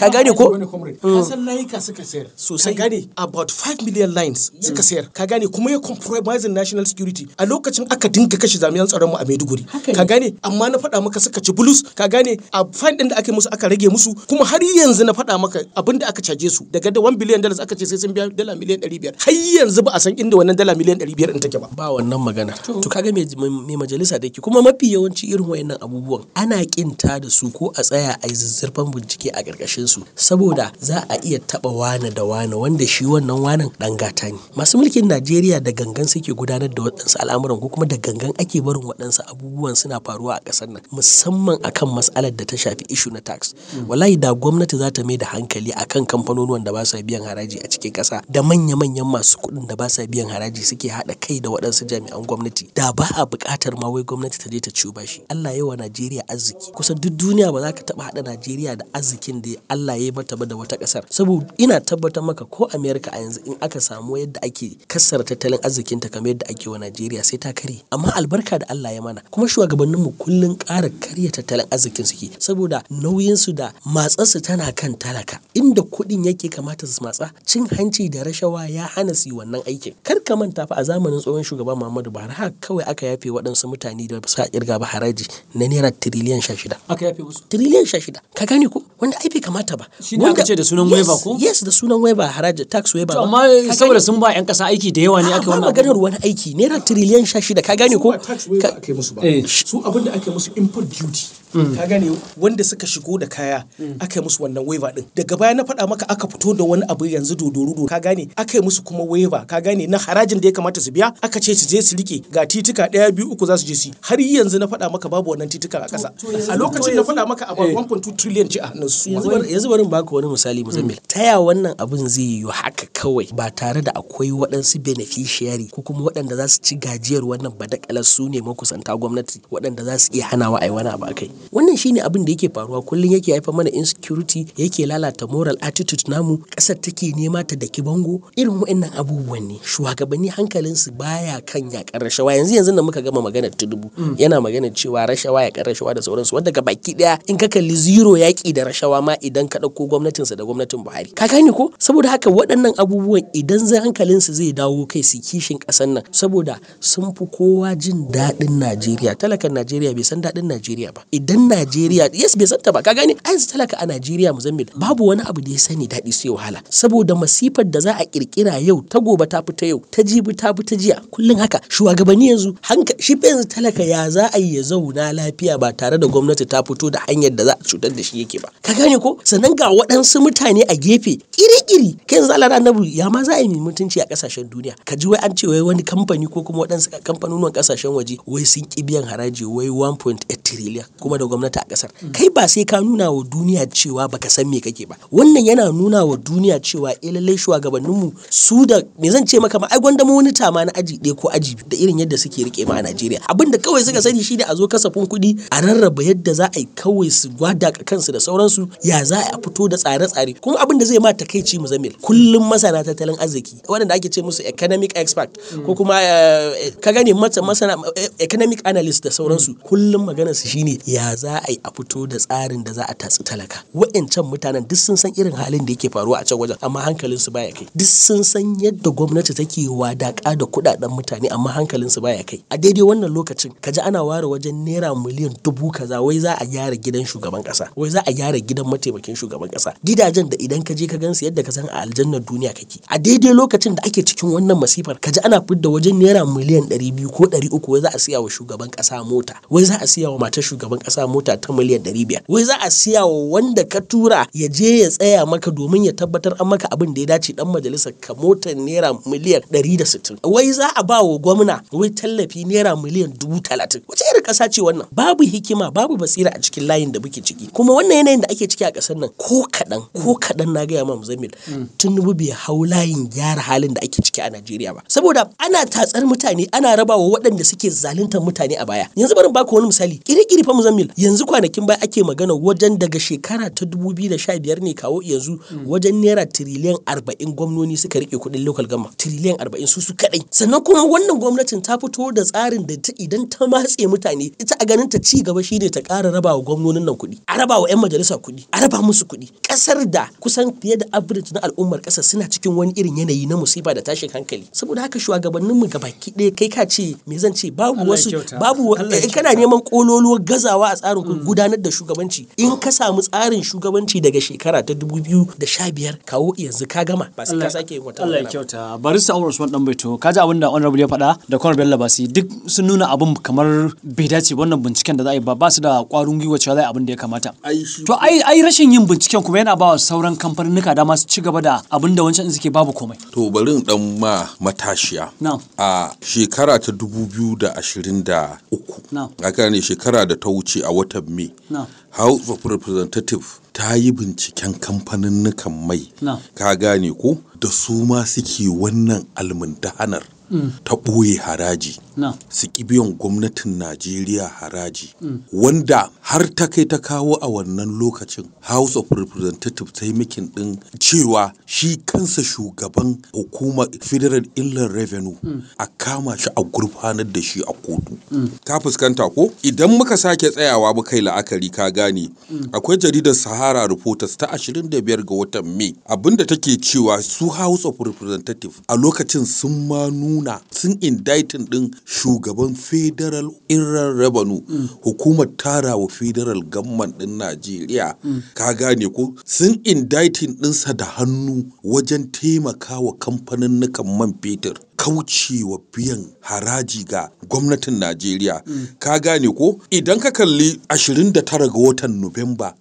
ka gane ko ka mm. san layuka suka sayar sosai ka gane about 5 million lines mm. suka sayar ka gane kuma ya compromise national security a lokacin aka dinga kashe jami'an tsaron mu a Maiduguri ka gane amma na faɗa maka suka ci bulus ka gane a fine din da aka musu aka rage musu kuma har yanzu na faɗa maka abin da aka caje su daga da 1 billion dollars aka ce sai sun biya dala miliyan 500 har yanzu ba a san inda wannan dala miliyan 500 din take ba ba wannan magana to kaga me majalisa da ke kuma mafi yawanci irin wayannan abubuwan ana kinta da su ko a tsaya a yi zuzzurfan bincike a ƙarƙashin su saboda za a iya taba wane da wane wanda shi wannan wanan dan gata ne masu mulkin Najeriya da gangan suke gudanar da waɗansu al'amuran ko kuma da gangan ake barin waɗansu abubuwan suna faruwa a ƙasar nan musamman akan mas'alar da ta shafi ishu na tax hmm. wallahi da gwamnati za ta mai da hankali akan kamfanonuwan da ba sa biyan haraji a cikin ƙasa da manya-manyan masu kuɗin da ba sa biyan haraji suke haɗa kai da waɗansu jami'an gwamnati da ba a buƙatar ma wai gwamnati ta je ta ciyo bashi Allah wa Najeriya arziki kusan duk duniya ba za ka taɓa haɗa Najeriya da arzikin da Allah ya yi mata ba da wata ƙasar saboda ina tabbatar maka ko Amerika a yanzu in aka samu yadda ake kassara tattalin arzikin ta kamar yadda ake wa Najeriya sai ta karye amma albarka da Allah ya mana kuma mu kullun ƙara karya tattalin arzikin suke saboda nauyin su da matsar su tana kan talaka inda kuɗin yake kamata su matsa cin hanci da rashawa ya hana su wannan aikin kar ka manta manta a zamanin tsohon shugaba Muhammadu Buhari har kawai aka yafe waɗansu mutane da basu kirga ba haraji na naira trillion sha shida. Aka yafe musu. trillion sha shida. Ka gane ko? Wanda ai bai kamata ba. Shi ne aka ce da sunan waiba ko? Yes da sunan waiba haraji tax waiba. To amma saboda sun ba 'yan ƙasa aiki da yawa ne aka wannan. Ba maganar wani aiki naira trillion sha shida ka gane ko? Su ba musu ba. Eh. Su abin da ake musu import duty. Mm. Ka gane wanda suka shigo da kaya mm. aka yi musu wannan waiver din. Daga baya na faɗa maka aka fito da wani abu yanzu dodoro ka gane aka yi musu kuma waiver ka gane na harajin da ya kamata su biya aka ce su je su rike ga titika ɗaya biyu uku za su je su har yanzu na faɗa maka babu wannan titika a ƙasa a lokacin na faɗa maka eh. a 1.2 trillion ji a hannun su yanzu bari baka wani misali mm. ta taya wannan abin zai yi haka kawai ba tare da akwai waɗansu beneficiary ko kuma waɗanda za su ci gajiyar wannan badakalar su ne makusanta gwamnati waɗanda za su iya hanawa a yi wani abu akai wannan shine abin da yake faruwa kullum yake haifar mana insecurity yake lalata moral attitude namu ƙasar take nema ta daki bango irin waɗannan abubuwan ne shugabanni hankalinsu baya kan yakar rashawa yanzu yanzu da muka gama maganar tudubu mm. yana maganar cewa rashawa yakar rashawa da sauransu wanda ga baki daya in ka kalli zero yaki da rashawa ma idan ka dauko gwamnatinsa da gwamnatin Buhari ka gane ko saboda haka waɗannan abubuwan idan zai hankalinsu zai dawo kai su kishin ƙasar nan saboda sun fi kowa jin daɗin Najeriya talakan Najeriya bai san daɗin Najeriya ba idan Najeriya yes bai san ta ba ka gane a yanzu talaka a Najeriya Mozambique babu wani abu da ya sani daɗi sai wahala saboda masifar da za a kirkira yau ta gobe ta fita yau ta jibi bi ta bi jiya kullum haka shugabanni yanzu hanka shi fa yanzu talaka ya za a yi ya zauna lafiya ba tare da gwamnati ta fito da hanyar da za a cutar da shi yake ba ka gane ko sannan ga waɗansu mutane a gefe kiri-kiri kai yanzu Allah annabi ya ma za a yi mutunci a kasashen duniya ka ji wai an ce wai wani kamfani ko kuma waɗansu kamfanonin kasashen waje wai sun ki biyan haraji wai 1.8 trillion kuma da gwamnati a kasar mm. kai ba sai ka nuna wa duniya cewa baka san me kake ba wannan yana nuna wa duniya cewa eh lallai shugabanninmu su da me zan ce maka ma ai gwanda mu wani ma na aji ɗaya ko aji da irin yadda suke rike ma a Najeriya abin da kawai suka sani shi ne a zo kasafin kuɗi a rarraba yadda za a yi kawai su gwada kansu da sauransu ya za a fito da tsare-tsare kuma abin da zai ma takaici muzamil kullum masana tattalin arziki waɗanda ake ce musu economic expert ko kuma eh, eh, ka gane masana eh, economic analyst da sauransu kullum maganar su shine ya za a yi a fito da tsarin da za a tatsi talaka wa'ancan mutanen duk sun san irin halin da yake faruwa a can wajen amma hankalin su baya kai duk sun san yadda gwamnati take wada shaƙa da kuɗaɗen mutane amma hankalinsu baya kai a daidai wannan lokacin ka ji ana ware wajen naira miliyan dubu kaza wai za a gyara gidan shugaban ƙasa wai za a gyara gidan mataimakin shugaban ƙasa gidajen da idan ka je ka gansu yadda ka san a aljannar duniya kake a daidai lokacin da ake cikin wannan masifar ka ji ana fidda wajen naira miliyan ɗari biyu ko ɗari uku wai za a siya wa shugaban ƙasa mota wai za a siya wa matar shugaban ƙasa mota ta miliyan ɗari biyar wai za a siya wa wanda ka tura ya je ya tsaya maka domin ya tabbatar an maka abin da ya dace dan majalisa ka mota naira miliyan ɗari da sittin wai za a ba wa gwamna wai tallafi naira miliyan dubu talatin wace irin ƙasa ce wannan babu hikima babu basira a cikin layin da muke ciki kuma wannan yanayin da ake ciki a kasar nan ko kaɗan ko kaɗan na gaya ma mm. tun tinubu bai hau layin gyara halin da ake ciki a najeriya ba saboda ana tatsar mutane ana raba wa waɗanda suke zaluntar mutane a baya yanzu barin baku wani misali kiri fa muzamil yanzu kwanakin baya ake magana wajen daga shekara ta da biyar ne kawo yanzu mm. wajen naira tiriliyan arba'in gwamnoni suka rike kuɗin local gama tiriliyan 40 su su kaɗai sannan kuma wannan gwamnatin ta fito da tsarin da ta idan ta matse mutane ita a ganin ta ci gaba shine ta ƙara raba wa gwamnonin nan kuɗi a raba wa 'yan majalisa kuɗi a raba musu kuɗi ƙasar da kusan fiye da average na al'ummar ƙasar suna cikin wani irin yanayi na musiba da tashin hankali saboda haka shugabanninmu gabaki ɗaya kai ka ce me zan ce babu wasu babu kana neman kololuwa gazawa a tsarin mm. gudanar da shugabanci in ka samu tsarin shugabanci daga shekara ta 2015 kawo yanzu ka gama ba sai ka sake wata Allah ya kyauta bari Usman dan bai to kaji abin da honorable ya faɗa da kwanar bella ba su duk sun nuna abin kamar bai dace wannan binciken da za a yi ba ba su da ƙwarin gwiwa cewa za a abin da ya kamata to ai ai rashin yin binciken kuma yana ba wa sauran kamfaninnika dama su ci gaba da abin da wancan suke babu komai to bari in dan ma matashiya a shekara ta dubu biyu da da ashirin uku na ne shekara da ta wuce a watan mai house of representative ta yi binciken kamfanin mai ka gane ko da su ma suke wannan almundahanar ta ɓoye haraji su biyan gwamnatin najeriya haraji mm. wanda har ta kai ta kawo a wannan lokacin house of representative ta yi ɗin cewa shi kansa shugaban hukumar federal inland revenue mm. a kama shi a gurfanar da shi a kotu mm. ka fuskanta ko idan muka sake tsayawa muka yi la'akari ka gane akwai jaridar sahara reporters ta ashirin da biyar ga watan mai abinda take cewa su house of representative a lokacin sun ma nuna nuna sun indaitin din shugaban federal irin revenue mm. hukumar tarawa federal gamman din najeriya mm. ka gane ko sun indicting dinsa da hannu wajen taimakawa kamfanin nukan man fetur kaucewa biyan haraji ga gwamnatin Najeriya. Ka gane ko? Idan ka kalli ashirin da tara ga watan Nuwamba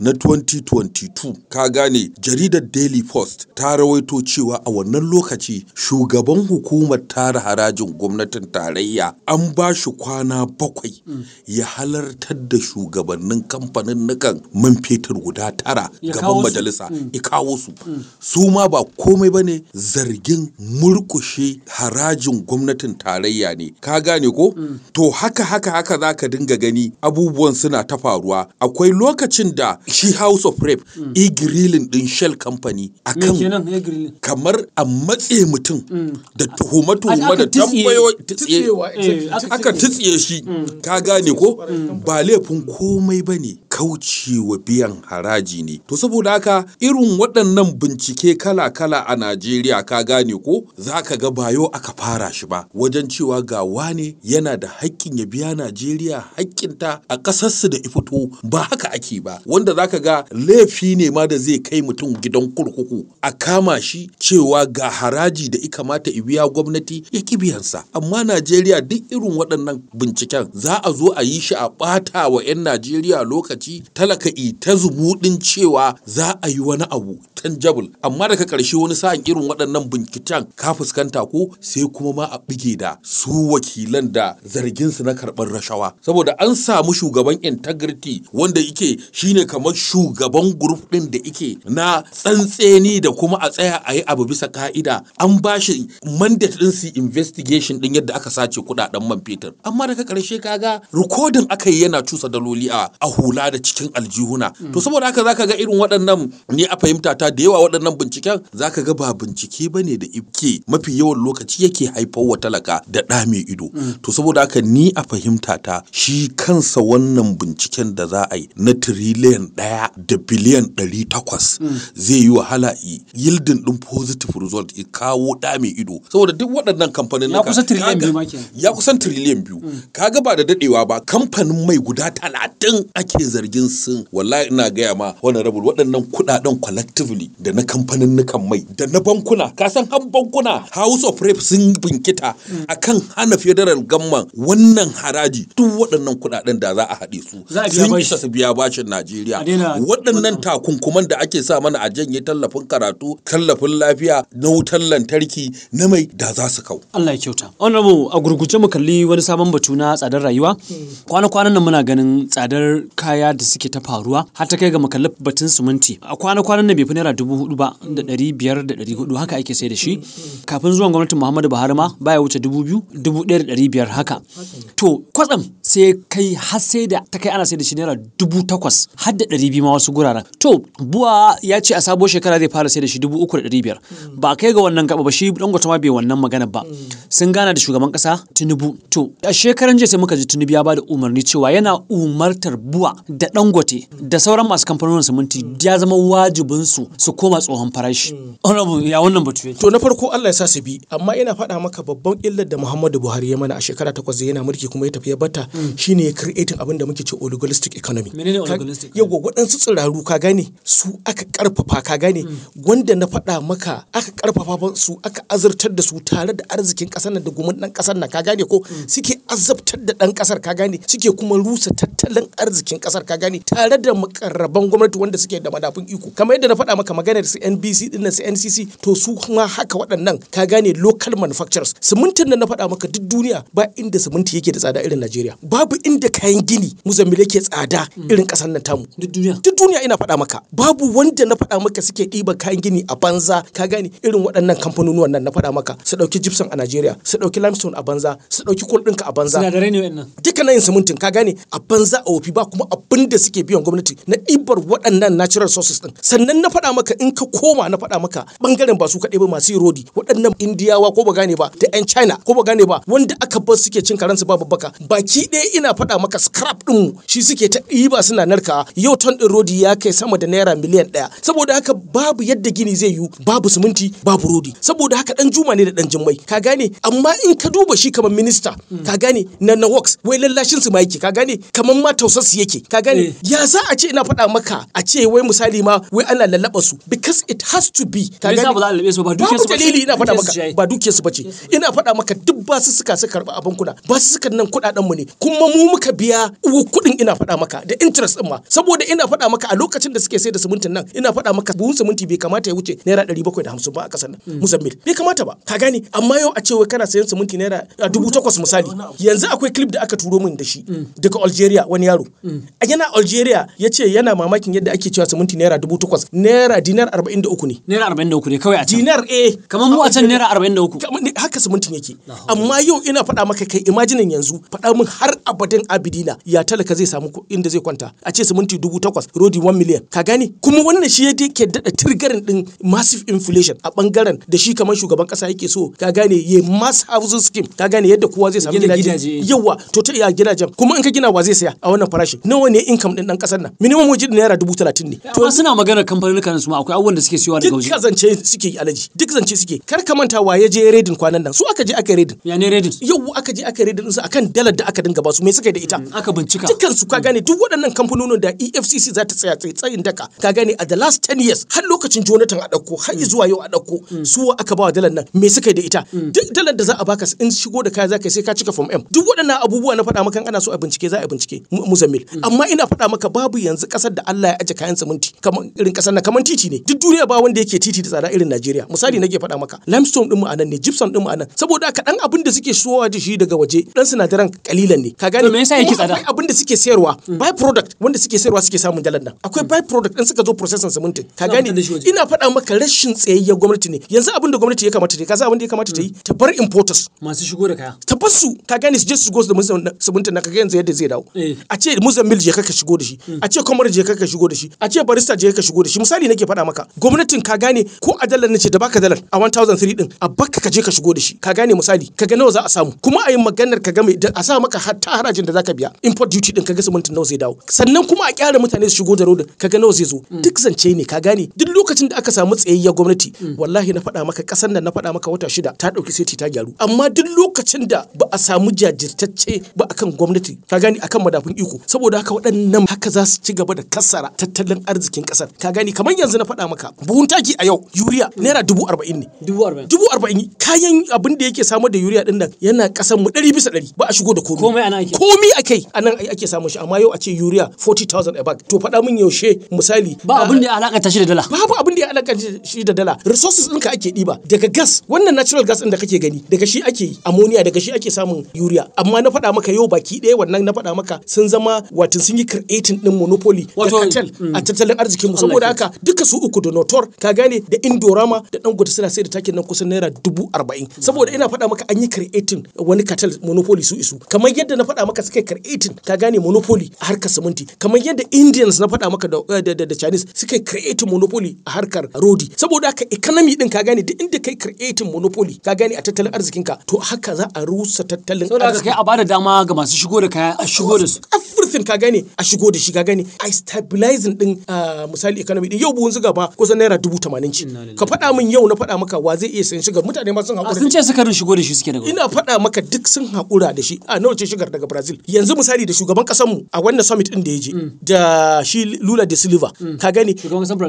na 2022, ka gane jaridar Daily Post ta rawaito cewa a wannan lokaci shugaban hukumar tara harajin gwamnatin tarayya an ba shi kwana bakwai ya halartar da shugabannin kamfanin nukan man fetur guda tara gaban majalisa. Mm. Ya kawo su. Mm. Su ma ba komai bane. zargin murkushe harajin gwamnatin tarayya ne ka gane ko mm. to haka haka haka za ka dinga gani abubuwan suna ta faruwa akwai lokacin da shi house of rep mm. e-grilling din shell company a kan kamar a matse mutum mm. da tuhuma tuhuma da tambayoyi aka titsiye shi mm. ka gane ko mm. ba laifin komai bane. kaucewa biyan haraji ne to saboda haka irin waɗannan bincike kala-kala a najeriya ka gane ko za ka ba bayo aka fara shi ba wajen cewa ga wane yana da haƙƙin ya biya najeriya haƙƙinta a ƙasarsu da ifito ba haka ake ba wanda za ka ga laifi ne ma da zai kai mutum gidan kurkuku a kama shi cewa ga haraji da kamata i biya gwamnati ya ki biyansa amma najeriya duk irin waɗannan binciken za a zo a yi shi a ɓata wa 'yan najeriya lokaci lokaci talaka i ta cewa za a yi wani abu tangible amma daga karshe wani sa'an irin waɗannan binkitan ka fuskanta ko sai kuma ma a bige da su wakilan da zargin su na karɓar rashawa saboda an samu shugaban integrity wanda yake shine kamar shugaban group din da yake na tsantseni da kuma a tsaya a yi abu bisa ka'ida an ba shi mandate ɗin su investigation din yadda aka sace kuɗaɗen man fetur amma daga karshe kaga rikodin aka yi yana cusa daloli a hula da da cikin aljihuna to mm. saboda haka zaka ga irin waɗannan ni a fahimta ta da yawa waɗannan binciken zaka ga ba bincike bane da ibke mafi yawan lokaci yake haifar wa talaka da ɗa mai ido mm. to saboda haka ni a fahimta ta shi kansa wannan binciken da za a yi na tiriliyan ɗaya da biliyan ɗari takwas mm. zai yi wahala yildin ɗin positive result ya kawo ɗa mai ido saboda duk waɗannan kamfanin ya kusan tiriliyan biyu ya kusan tiriliyan biyu kaga ba da daɗewa ba kamfanin mai guda talatin ake zargi zargin sun wallahi ina gaya ma honorable waɗannan kuɗaɗen collectively da na kamfanin nukan mai da na bankuna kasan har bankuna house of rep sun binkita mm. akan hana federal gamman wannan haraji duk waɗannan kuɗaɗen da za a haɗe su sun isa su biya bashin najeriya waɗannan takunkuman da ake sa mana a janye tallafin karatu tallafin lafiya na wutar lantarki na mai da za su kau allah ya kyauta honorable a gurguje mu kalli wani sabon batu na tsadar rayuwa mm. kwana-kwanan nan muna ganin tsadar kaya da suke ta faruwa har ta kai ga makallaf batun siminti a kwana kwanan nan bai fi naira dubu hudu ba da ɗari biyar da ɗari hudu haka ake sai da shi kafin zuwan gwamnatin muhammadu buhari ma baya wuce dubu biyu dubu ɗaya da ɗari biyar haka to kwatsam sai kai har sai da ta kai ana sai da shi naira dubu takwas har da ɗari biyu ma wasu guraren to buwa ya ce a sabo shekara zai fara sai da shi dubu uku da ɗari biyar ba kai ga wannan gaba ba shi gwata ma bai wannan magana ba sun gana da shugaban kasa tinubu to a shekaran jiya sai muka ji tinubu ya da umarni cewa yana umartar buwa da dangote da sauran masu kamfanonin siminti ya zama wajibin su su koma tsohon farashi ya wannan batu to na farko Allah ya sa su bi amma ina faɗa maka babban illar da Muhammadu Buhari ya mana a shekara takwas yana mulki kuma ya tafi ya bata mm. shine creating abin da muke ce oligolistic economy menene oligopolistic yawa waɗansu tsiraru ka gane su aka karfafa ka gane mm. wanda na faɗa maka aka karfafa su aka azurtar da su tare da arzikin ƙasar nan da gumin ɗan ƙasar nan ka gane ko mm. suke azabtar da ɗan ƙasar ka gane suke kuma rusa tattalin arzikin ƙasar ka gani tare da makarraban gwamnati wanda suke da madafin iko kamar yadda na faɗa maka maganar su NBC din su NCC to su ma haka waɗannan ka gane local manufacturers simintin da na faɗa maka duk duniya ba inda siminti yake da tsada irin Najeriya babu inda kayan gini muzammil yake tsada hmm. irin ƙasar nan tamu duk duniya duk duniya ina faɗa maka babu wanda na faɗa maka suke ɗiba kayan gini a banza ka gane irin waɗannan kamfanonuwan nan na faɗa maka su ɗauki gypsum a Najeriya su ɗauki limestone a banza su ɗauki kul ɗinka a banza sinadarai ne waɗannan duka yin simintin ka gane a banza a wofi ba kuma a abin da suke biyan gwamnati na ɗibar waɗannan natural sources ɗin sannan na faɗa maka in ka koma na faɗa maka ɓangaren ba su kaɗai ba masu rodi waɗannan indiyawa ko ba gane ba da 'yan china ko ba gane ba wanda aka bar suke cin karansu ba babbaka baki ɗaya ina faɗa maka scrap ɗin shi suke ta ɗiba suna narka yau ton ɗin rodi ya kai sama da naira miliyan ɗaya saboda haka babu yadda gini zai yiwu babu siminti babu rodi saboda haka ɗan juma ne da ɗan jimmai ka gane amma in ka duba shi kamar minista ka gane na na works wai lallashin su ma yake ka gane kamar ma tausasu yake ka gani eh. ya za a ce ina faɗa maka a ce wai misali ma wai ana lallaba su because it has to be ka gani ba lallabe ba dukiyar su ina faɗa maka ba dukiyar su bace ina faɗa maka duk ba su suka su karba abin kuna ba su suka nan kuɗaɗen mu ne kuma mu muka biya uwa kuɗin ina faɗa maka da interest din ma saboda ina faɗa maka a lokacin da suke sai da sumuntin nan ina faɗa maka buhun siminti bai kamata ya wuce naira ɗari bakwai da hamsin ba a ƙasar nan hmm. musamman bai kamata ba ka gani amma yau a ce wai kana sayan siminti naira dubu takwas misali yanzu akwai clip da aka turo min da shi hmm. daga Algeria wani yaro hmm. yana Algeria ya ce yana mamakin yadda ake cewa siminti naira dubu takwas naira dinar arba'in da uku ne. Naira arba'in da uku ne kawai a can. Dinar eh. Kamar mu a can naira arba'in da uku. Haka simintin yake. Amma yau ina faɗa maka kai imajinin yanzu faɗa min har abadan abidina ya talaka zai samu inda zai kwanta a ce siminti dubu takwas rodi 1 miliyan ka gane kuma wannan shi yadda ke daɗa tirgarin ɗin massive inflation a ɓangaren da shi kamar shugaban ƙasa yake so ka gane ya mass housing scheme ka gane yadda kowa zai samu gidaje yawa to ta iya gidajen kuma in ka gina wa zai saya a wannan farashi nawa ne income din dan kasar nan minimum wage din naira dubu talatin ne to suna magana kamfanin kan su ma akwai abubuwan da suke siyowa daga waje duk zance suke alaji duk zance suke kar ka manta wa ya je redin kwanan nan su aka je aka redin ya ne redin yau aka je aka redin su akan dalar da aka dinga ba su me suka da ita aka bincika dukkan su ka gane duk waɗannan kamfanonin da EFCC za ta tsaya tsayin daka ka gane a the last 10 years har lokacin Jonathan a dauko har zuwa yau a dauko mm. su aka ba wa dalar nan me suka da ita mm. duk dalar da za a baka in shigo da kaya za ka sai ka cika form M duk waɗannan abubuwa na faɗa maka ana so a bincike za a bincike muzammil mm. amma ina faɗa maka babu yanzu ƙasar da Allah ya aje kayan siminti kamar irin ƙasar na kamar titi ne duk duniya ba wanda yake titi da tsada irin Najeriya misali nake faɗa maka limestone din mu anan ne gypsum din mu anan saboda haka dan abin da suke shigowa da shi daga waje dan sinadaran kalilan ne ka gane akwai abin da suke sayarwa hmm. by product wanda suke sayarwa suke samun dalar nan akwai hmm. by product din suka zo processing siminti ka gane ina faɗa maka rashin tsayayyen gwamnati ne yanzu abin da gwamnati ya kamata ta yi ka san abin da ya kamata ta yi hmm. ta bar importers masu shigo da kaya ta bar su ka gane su je su go da simintin na ka yanzu yadda zai dawo eh. a ce Mozambique je ka ka shigo da shi a ce kwamar je ka shigo da shi a ce barista je ka shigo da shi misali nake faɗa maka gwamnatin ka gane ko a dalar nace da baka dalar a 1003 din a baka ka je ka shigo da shi ka gane misali ka ga nawa za a samu kuma a yi maganar ka game da a sa maka hatta harajin da zaka biya import duty din ka ga simintin nawa zai dawo sannan kuma a kyara mutane su shigo da rodin ka nawa zai zo mm. duk zance ne ka gane duk lokacin da aka samu tsayayyar gwamnati mm. wallahi na faɗa maka ƙasar nan na faɗa maka wata shida ta ɗauki sai ta gyaru amma duk lokacin da ba a samu jajirtacce ba akan gwamnati ka gane akan madafun iko saboda haka waɗannan haka za su ci gaba da kassara tattalin arzikin ƙasar ka gani kamar yanzu na faɗa maka buhun taki a yau yuriya naira dubu arba'in ne dubu arba'in kayan abin da yake samar da yuriya ɗin nan yana ƙasar mu ɗari bisa ɗari ba a shigo da komai komai nan ake komai kai a nan ake samun shi amma yau a ce yuriya 40,000 a bag to faɗa min yaushe misali ba abin da ya alakanta shi da dala babu abin da ya alaƙa shi da dala resources ɗinka ake ɗiba daga gas wannan natural gas ɗin da kake gani daga shi ake ammonia daga shi ake samun yuriya amma na faɗa maka yau baki ɗaya wannan na faɗa maka sun zama watin sun sun yi creating din monopoly da cartel mm. a tattalin arzikin mu saboda haka duka su uku da notor ka gane da indorama da dan gudu suna sai da takin nan kusan naira dubu arba'in saboda ina faɗa maka an yi creating wani cartel monopoly su isu kamar yadda na faɗa maka suka creating ka gane monopoly a harkar siminti kamar yadda indians na faɗa maka da eh, chinese suka creating monopoly a harkar rodi saboda haka economy din ka gane duk inda kai creating monopoly ka gane a tattalin arzikinka to haka za a rusa tattalin arziki. Saboda kai a bada dama ga masu shigo da kaya a shigo da su. Everything ka gane a shigo da shi gani a stabilizing din ah, misali economy din yau buhun zuga ba kusan naira dubu tamanin ci ka faɗa min yau na faɗa maka wa zai iya sayan shigar mutane ma sun haƙura sun ce sukarin shigo da shi suke daga ina faɗa maka duk sun haƙura da shi a ah, nawa ce shigar daga brazil yanzu misali da shugaban ƙasar mu a wannan summit din da ya je mm. da shi lula da silva mm. ka gani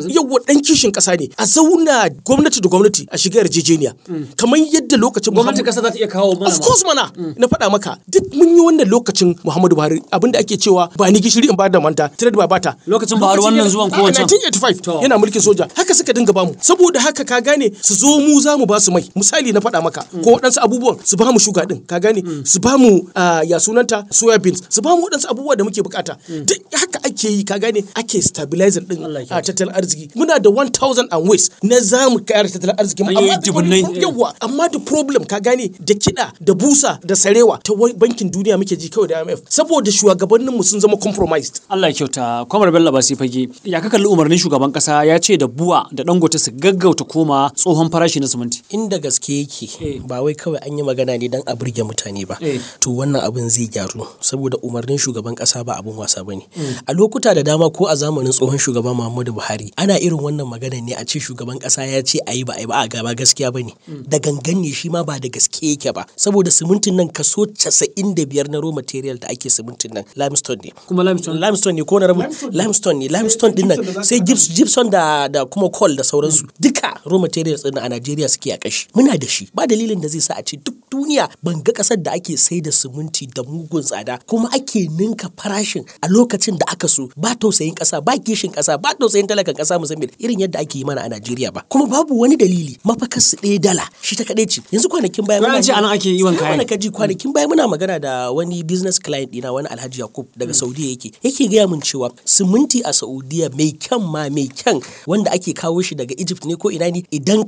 yau dan kishin ƙasa ne a zauna gwamnati da gwamnati a shiga yarjejeniya mm. kamar yadda lokacin gwamnati ƙasa za ta iya kawo mana of course mana na faɗa maka duk mun yi wannan lokacin muhammadu buhari abinda ake cewa ba ni gishiri in ba da manta tare da babata lokacin ba wannan zuwan ko wancan 1985 yana mulkin soja haka suka dinga bamu saboda haka ka gane su zo mu za mu ba su mai misali na faɗa maka ko waɗansu abubuwan su ba mu shuga din ka gane mm. su ba mu ah, ya sunanta soya beans su ba mu waɗansu abubuwa da muke bukata mm. duk haka ake yi ka gane ake stabilizer din a ah, tattalin arziki muna da 1000 and ways na za mu kayar tattalin arziki amma eh. amma da problem ka gane da kiɗa da busa da sarewa ta bankin duniya muke ji kawai da IMF saboda shugabanninmu sun zama compromised Allah ya kyauta kwamar bello ba fage ya ka kalli umarnin shugaban kasa ya ce da buwa da dangote su gaggauta koma tsohon farashi na siminti inda gaske yake eh. ba wai kawai an yi magana ne dan a burge mutane ba eh. to wannan abin zai gyaru saboda umarnin shugaban kasa ba abin wasa bane hmm. a lokuta da dama ko a zamanin tsohon shugaban Muhammadu Buhari ana irin wannan magana ne a ce shugaban kasa ya ce ayi ba ayi ba a gaba gaskiya bane hmm. da gangan ne shi ma ba da gaske yake ba saboda simintin nan kaso 95 na raw material da ake simintin nan limestone ne kuma limestone limestone ne ko na rabu limestone ne limestone din nan sai gypsum da da kuma coal da sauransu duka raw materials din a Najeriya suke a kashi muna da shi ba dalilin da zai sa a ce duk duniya ban ga kasar da ake sai da siminti da mugun tsada kuma ake ninka farashin a lokacin da aka so ba tausayin kasa ba gishin kasa ba tausayin talakan kasa musamman irin yadda ake yi mana a Najeriya ba kuma babu wani dalili mafakar su ɗaya dala shi ta kaɗai ce yanzu kwanakin baya muna ji anan ake yi wanka kwanakin baya muna magana da wani business client dina wani Alhaji Yakub daga saudi mm. Saudiya yake yake gaya min cewa siminti a Saudiya mai kyan ma mai kyan wanda ake kawo shi daga Egypt ne ko ina ne idan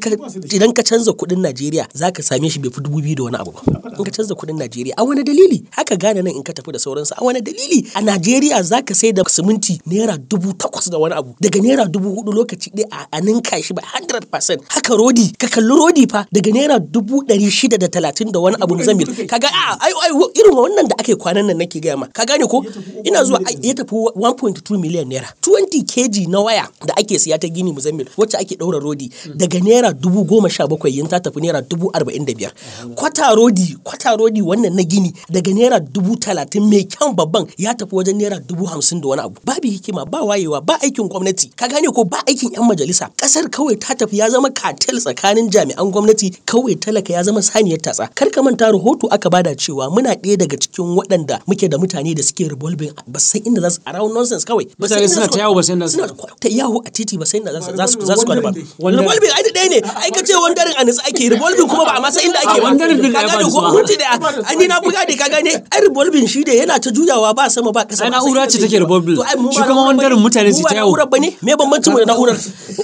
ka canza kuɗin Najeriya ka same shi bai fi dubu biyu da wani abu ba in ka canza kudin Najeriya a wani dalili haka gane nan in ka tafi da sauransu a wani dalili a Najeriya ka sai da siminti naira dubu takwas da wani abu daga naira dubu hudu lokaci ɗaya a ninka shi ba 100% haka rodi ka kalli rodi fa daga naira dubu ɗari shida da talatin da wani abu ka kaga a ai irin wannan da ake kwanan nan nake gaya ma ka gane ko ina zuwa ya tafi 1.2 miliyan naira 20 kg na waya da ake siya ta gini muzammil wacce ake daura rodi daga naira dubu goma sha bakwai yin ta tafi naira dubu arba'in da biyar kwata rodi kwata rodi wannan na gini daga naira dubu talatin mai kyan babban ya tafi wajen naira dubu hamsin da wani abu babu hikima ba wayewa ba aikin gwamnati ka gane ko ba aikin yan majalisa kasar kawai ta tafi ya zama katel tsakanin jami'an gwamnati kawai talaka ya zama saniyar tatsa kar ka manta rahoto aka bada cewa muna ɗaya daga cikin waɗanda muke da mutane da suke revolving ba san inda za su around nonsense kawai ba san inda suna ta yawo ba san inda suna ta yawo a titi ba san inda za su za su kwana ba revolving ai ɗaya ne ai ka ce wandering a nisa ake revolving kuma ba a san inda ake ba ka gane ko hukunci da an ni na buga da ka gane ai revolving shi da yana ta juyawa ba sama ba kasa ai na'ura ce take revolving shi kuma wandering mutane su ta yawo na'urar ba ne me bambancin mu da na'urar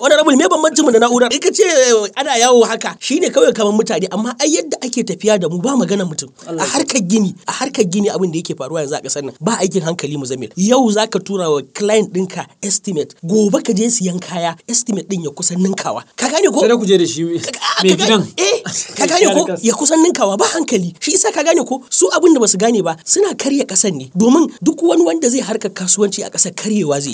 honorable me bambancin mu da na'urar in ka ce eh, ana yawo haka shine kawai kamar mutane amma ai yadda ake tafiya da mu ba magana mutum a harkar gini a harkar gini abin da yake faruwa yanzu a kasar nan ba aikin hankali muzammil yau zaka tura wa client ɗinka estimate gobe ka je siyan kaya estimate ɗin ya kusan ninkawa ka gane ko sai ku je da shi mai gidan eh, ka gane ko ya kusan ninkawa ba hankali shi isa ka gane ko su abin da basu gane ba suna karya kasan ne domin duk wani wanda zai harka kasuwanci a kasar karyewa zai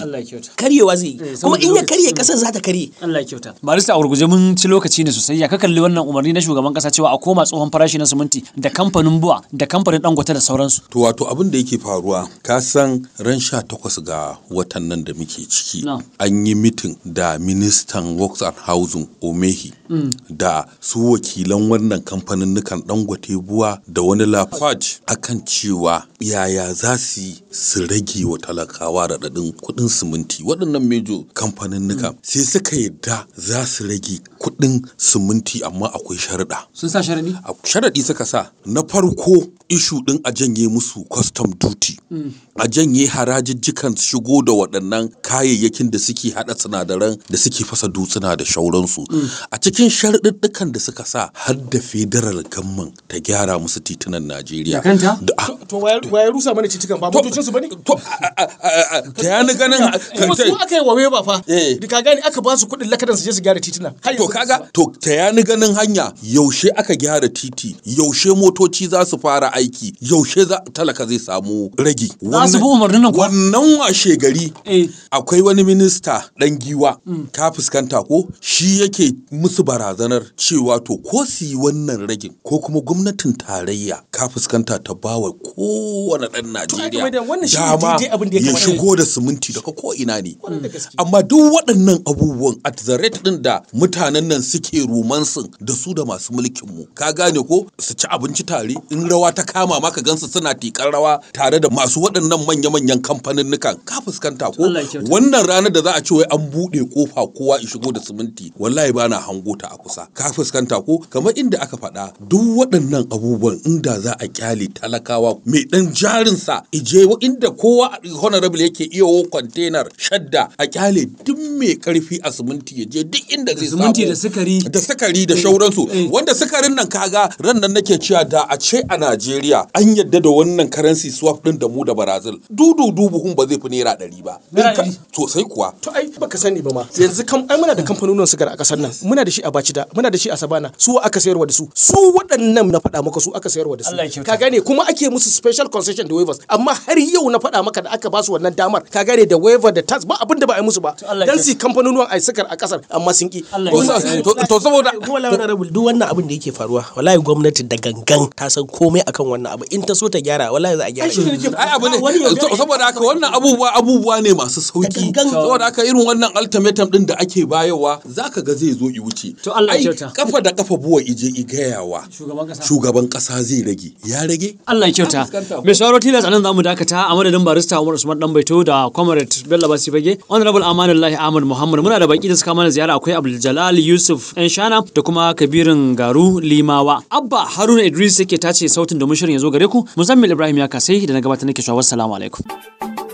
karyewa zai eh, kuma in ya karye kasan za ta karye Allah kyauta barista a gurguje mun ci lokaci ne sosai ya ka kalli wannan umarni na shugaban kasa cewa a koma tsohon farashi na siminti da kamfanin buwa da kamfanin dangote da sauransu to wato abin da yake faruwa kasan. ran sha takwas ga watan nan da muke ciki an yi mitin da ministan works and housing omehi mm. da su wakilan wannan kamfanin nukan dangote buwa da wani lafarge akan cewa yaya za su su rage wa talakawa raɗaɗin kuɗin siminti waɗannan mejo kamfanin nuka mm. sai suka yadda za su rage kuɗin siminti amma akwai sharaɗa sun sa sharaɗi sharaɗi suka sa na farko ishu ɗin a janye musu custom duty mm. a janye harajijjikan shigo da waɗannan kayayyakin da suke haɗa sinadaran da suke fasa dutsuna da shauransu mm. a cikin sharɗuɗɗukan da suka sa har da federal gamman ta gyara musu titunan najeriya to waye rusa mana titukan ba motocin su bane to ta yana ganin kuma su aka yi wawe ba fa eh. ka gani aka ba su kuɗin lakadan su je su gyara titunan to kaga to ta yana ganin hanya yaushe aka gyara titi yaushe motoci za su fara aiki yaushe za talaka zai samu ragi wannan washe gari eh. akwai wani minista dan giwa mm. ka fuskanta ko shi yake musu barazanar cewa to ko su yi wannan ragin ko kuma gwamnatin tarayya ka fuskanta ta bawa kowane dan Najeriya dama ya shigo da siminti daga ko ina ne amma duk waɗannan abubuwan at the rate din da mutanen nan suke romansin da su da masu mulkin mu ka gane ko su ci abinci tare in rawa ta kama maka gansu suna tikar rawa tare da masu waɗannan manya-manyan kamfaninnukan ka fuskanta ko wannan ranar da za a ce wai an buɗe kofa kowa in shigo da siminti wallahi bana hango ta a kusa ka fuskanta ko kamar inda aka faɗa duk waɗannan abubuwan inda za a kyale talakawa mai ɗan jarinsa ije inda kowa honorable yake iya wo container shadda a kyale duk mai karfi a siminti ya je duk inda zai samu da sukari da sukari da eh, eh. wanda sukarin nan kaga ran nan nake cewa da a ce a Najeriya Najeriya an yadda da wannan currency swap din da mu da Brazil dudu hun ba zai fi naira ɗari ba sosai kuwa to ai baka sani ba ma yanzu kam ai muna da kamfanonin sigar a kasar nan muna da shi a Bacida muna da shi a Sabana su aka sayarwa da su su waɗannan na faɗa maka su aka sayarwa da su ka gane kuma ake musu special concession da waivers amma har yau na faɗa maka da aka ba su wannan damar ka gane da waiver da tax ba abin da ba a yi musu ba dan su kamfanonin ai sigar a kasar amma sun ki to saboda duk wannan abin da yake faruwa wallahi gwamnati da gangan ta san komai akan akan wannan abu in ta so ta gyara wallahi za a gyara ai abu ne saboda haka wannan abubuwa abubuwa ne masu sauki saboda haka irin wannan ultimatum din da ake bayarwa zaka ga zai zo i wuce to Allah ya kyauta kafa da kafa buwa ije i gayawa shugaban kasa shugaban kasa zai rage ya rage Allah ya kyauta mai shawara tilas anan zamu dakata a madadin barista Umar Usman dan Baito da comrade Bello Basi Fage honorable Amanullahi Ahmad Muhammad muna da baki da suka mana ziyara akwai Abdul Jalal Yusuf Enshana da kuma Kabirin Garu Limawa Abba Haruna Idris yake tace sautin da shirin ya zo gare ku muzammil ibrahim ya kasai da na gabatar nake shawar salamu alaikum